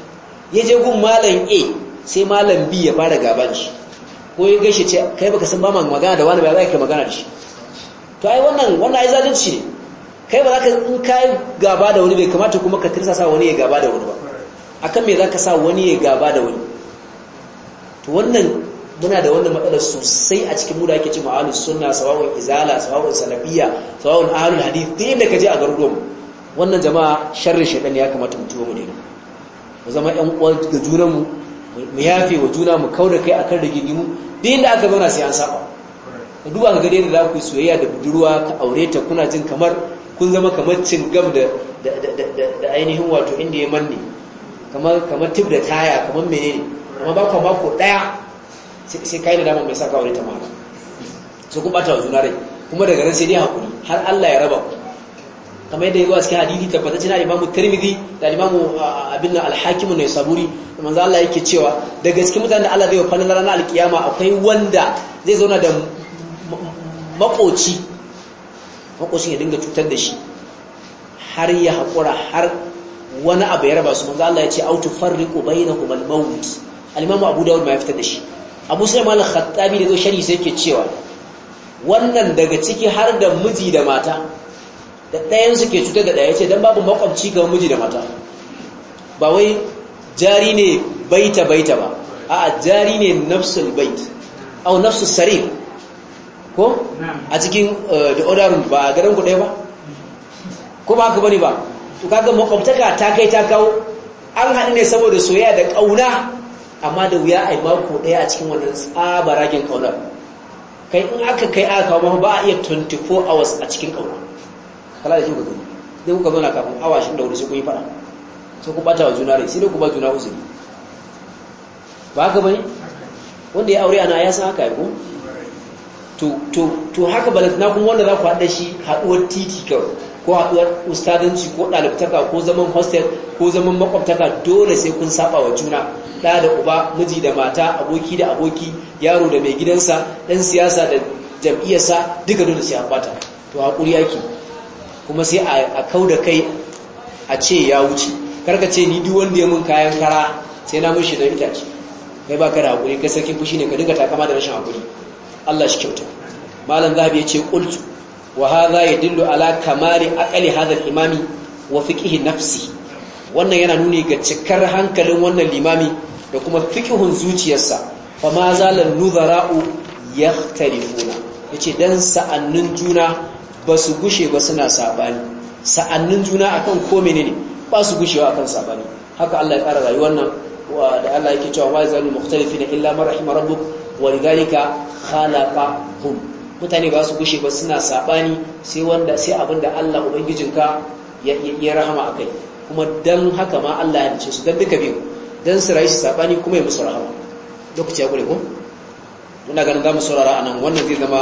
ya je gun malam a sai malam b ya fara gaban shi ko ya gaishe ce kai baka san ba magana da wani ba za ka magana da shi to ai wannan wannan ai zalunci ne kai ba za ka in kai gaba da wani bai kamata kuma ka tirsa sa wani ya gaba da wani ba akan me za ka sa wani ya gaba da wani to wannan muna da wannan matsalar sosai a cikin mu da ake cewa ahlus sunna sawa'un izala sawa'un salafiyya sawa'un ahlul hadith duk inda kaje a garuruwanmu wannan jama'a sharri shaytan ya kamata mu tuba mu daina mu zama ƴan uwa ga junanmu mu yafe wa juna mu kauda kai akan rigingimu duk inda aka zauna sai an saba ka duba ka gare da za ku yi soyayya da budurwa ka aure ta kuna jin kamar kun zama kamar cin gam da da ainihin wato inda ya manne kamar kamar tip da taya kamar menene amma ba ku mako daya sai kai da dama mai ka aure ta ma so kun bata juna rai kuma daga nan sai dai hakuri har Allah ya raba ku kamar yadda yazo a cikin hadisi tabbatacce na Imam Tirmidhi da Imam Abin al-Hakim ne Saburi manzo Allah yake cewa daga cikin mutanen da Allah zai fara ranar alkiyama akwai wanda zai zauna da makoci makocin ya dinga cutar da shi har ya haƙura har wani abu ya raba su manzo Allah ya ce autu farriqu bainahum al-maut al-imam Abu Dawud ma ya fitar da shi Abu Sulaiman al-Khattabi da zo shari sai yake cewa wannan daga ciki har da miji da mata da ɗayan suke cutar da ɗaya yace dan babu makwabci ga miji da mata ba wai jari ne baita baita ba a'a jari ne nafsul bait au nafsus sarir ko a cikin da eh, odarun ba a garin kudai ba ko ba ka bari ba to kaga makwabtaka ta kai ta kawo an hannu ne saboda soyayya da ƙauna amma da wuya a yi mako daya a cikin wannan tsabaragen ƙaunar kai in aka kai aka kawo ba a iya 24 hours a cikin kauna kala da kyau ga gani dai kuka zauna kafin awa shi da wuri sai kun yi faɗa sai ku bata wa juna rai sai ku ba juna uzuri ba ka bani wanda ya aure ana ya san haka ya ko to haka balantana kuma wanda za ku haɗa shi haɗuwar titi kawai ko haɗuwar ustadanci ko ɗalibtaka ko zaman hostel ko zaman makwabtaka dole sai kun saba wa juna ɗa da uba miji da mata aboki da aboki yaro da mai gidansa ɗan siyasa da jam'iyyarsa duka dole sai an to haƙuri yake kuma sai a kau da kai a ce ya wuce karka ce ni duk wanda ya mun kayan kara sai na mushi na don itace kai ba ka da haƙuri kai sarkin fushi ne ka dinga takama da rashin haƙuri Allah shi kyauta malam zahabi ya ce qultu wa hadha yadullu ala kamari aqli hadha al-imami wa fiqhi nafsi wannan yana nuni ga cikar hankalin wannan limami da kuma fiqhun zuciyarsa fa ma zalan nuzara'u yahtalifuna yace dan sa'annin juna ba su gushe ba suna sabani sa'annin juna akan ko ne ba su gushewa akan sabani haka Allah ya kara rayuwar nan wa da Allah yake cewa wa zalu mukhtalifina illa man rahima rabbuk wa lidhalika khalaqahum mutane ba su gushe ba suna sabani sai wanda sai abinda Allah ubangijinka ya rahama akai kuma dan haka ma Allah ya dace su dan duka biyu dan su rayu sabani kuma ya musu rahama lokaci ya gure ko muna ganin za mu saurara anan wannan zai zama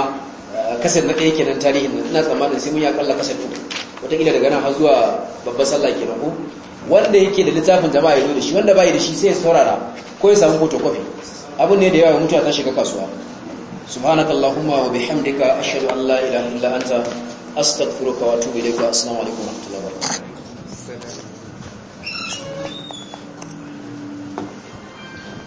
kasar na ɗaya kenan tarihin ina tsammanin sai mun ya kalla kasar wata wataƙila daga nan har zuwa babban sallah kenan ko wanda yake da littafin jama'a ya zo da shi wanda bai da shi sai ya saurara ko ya samu photocopy abun ne da yawa mutuwa ta shiga kasuwa subhanakallahumma wa bihamdika ashhadu an la ilaha illa anta astaghfiruka wa atubu ilayka assalamu alaikum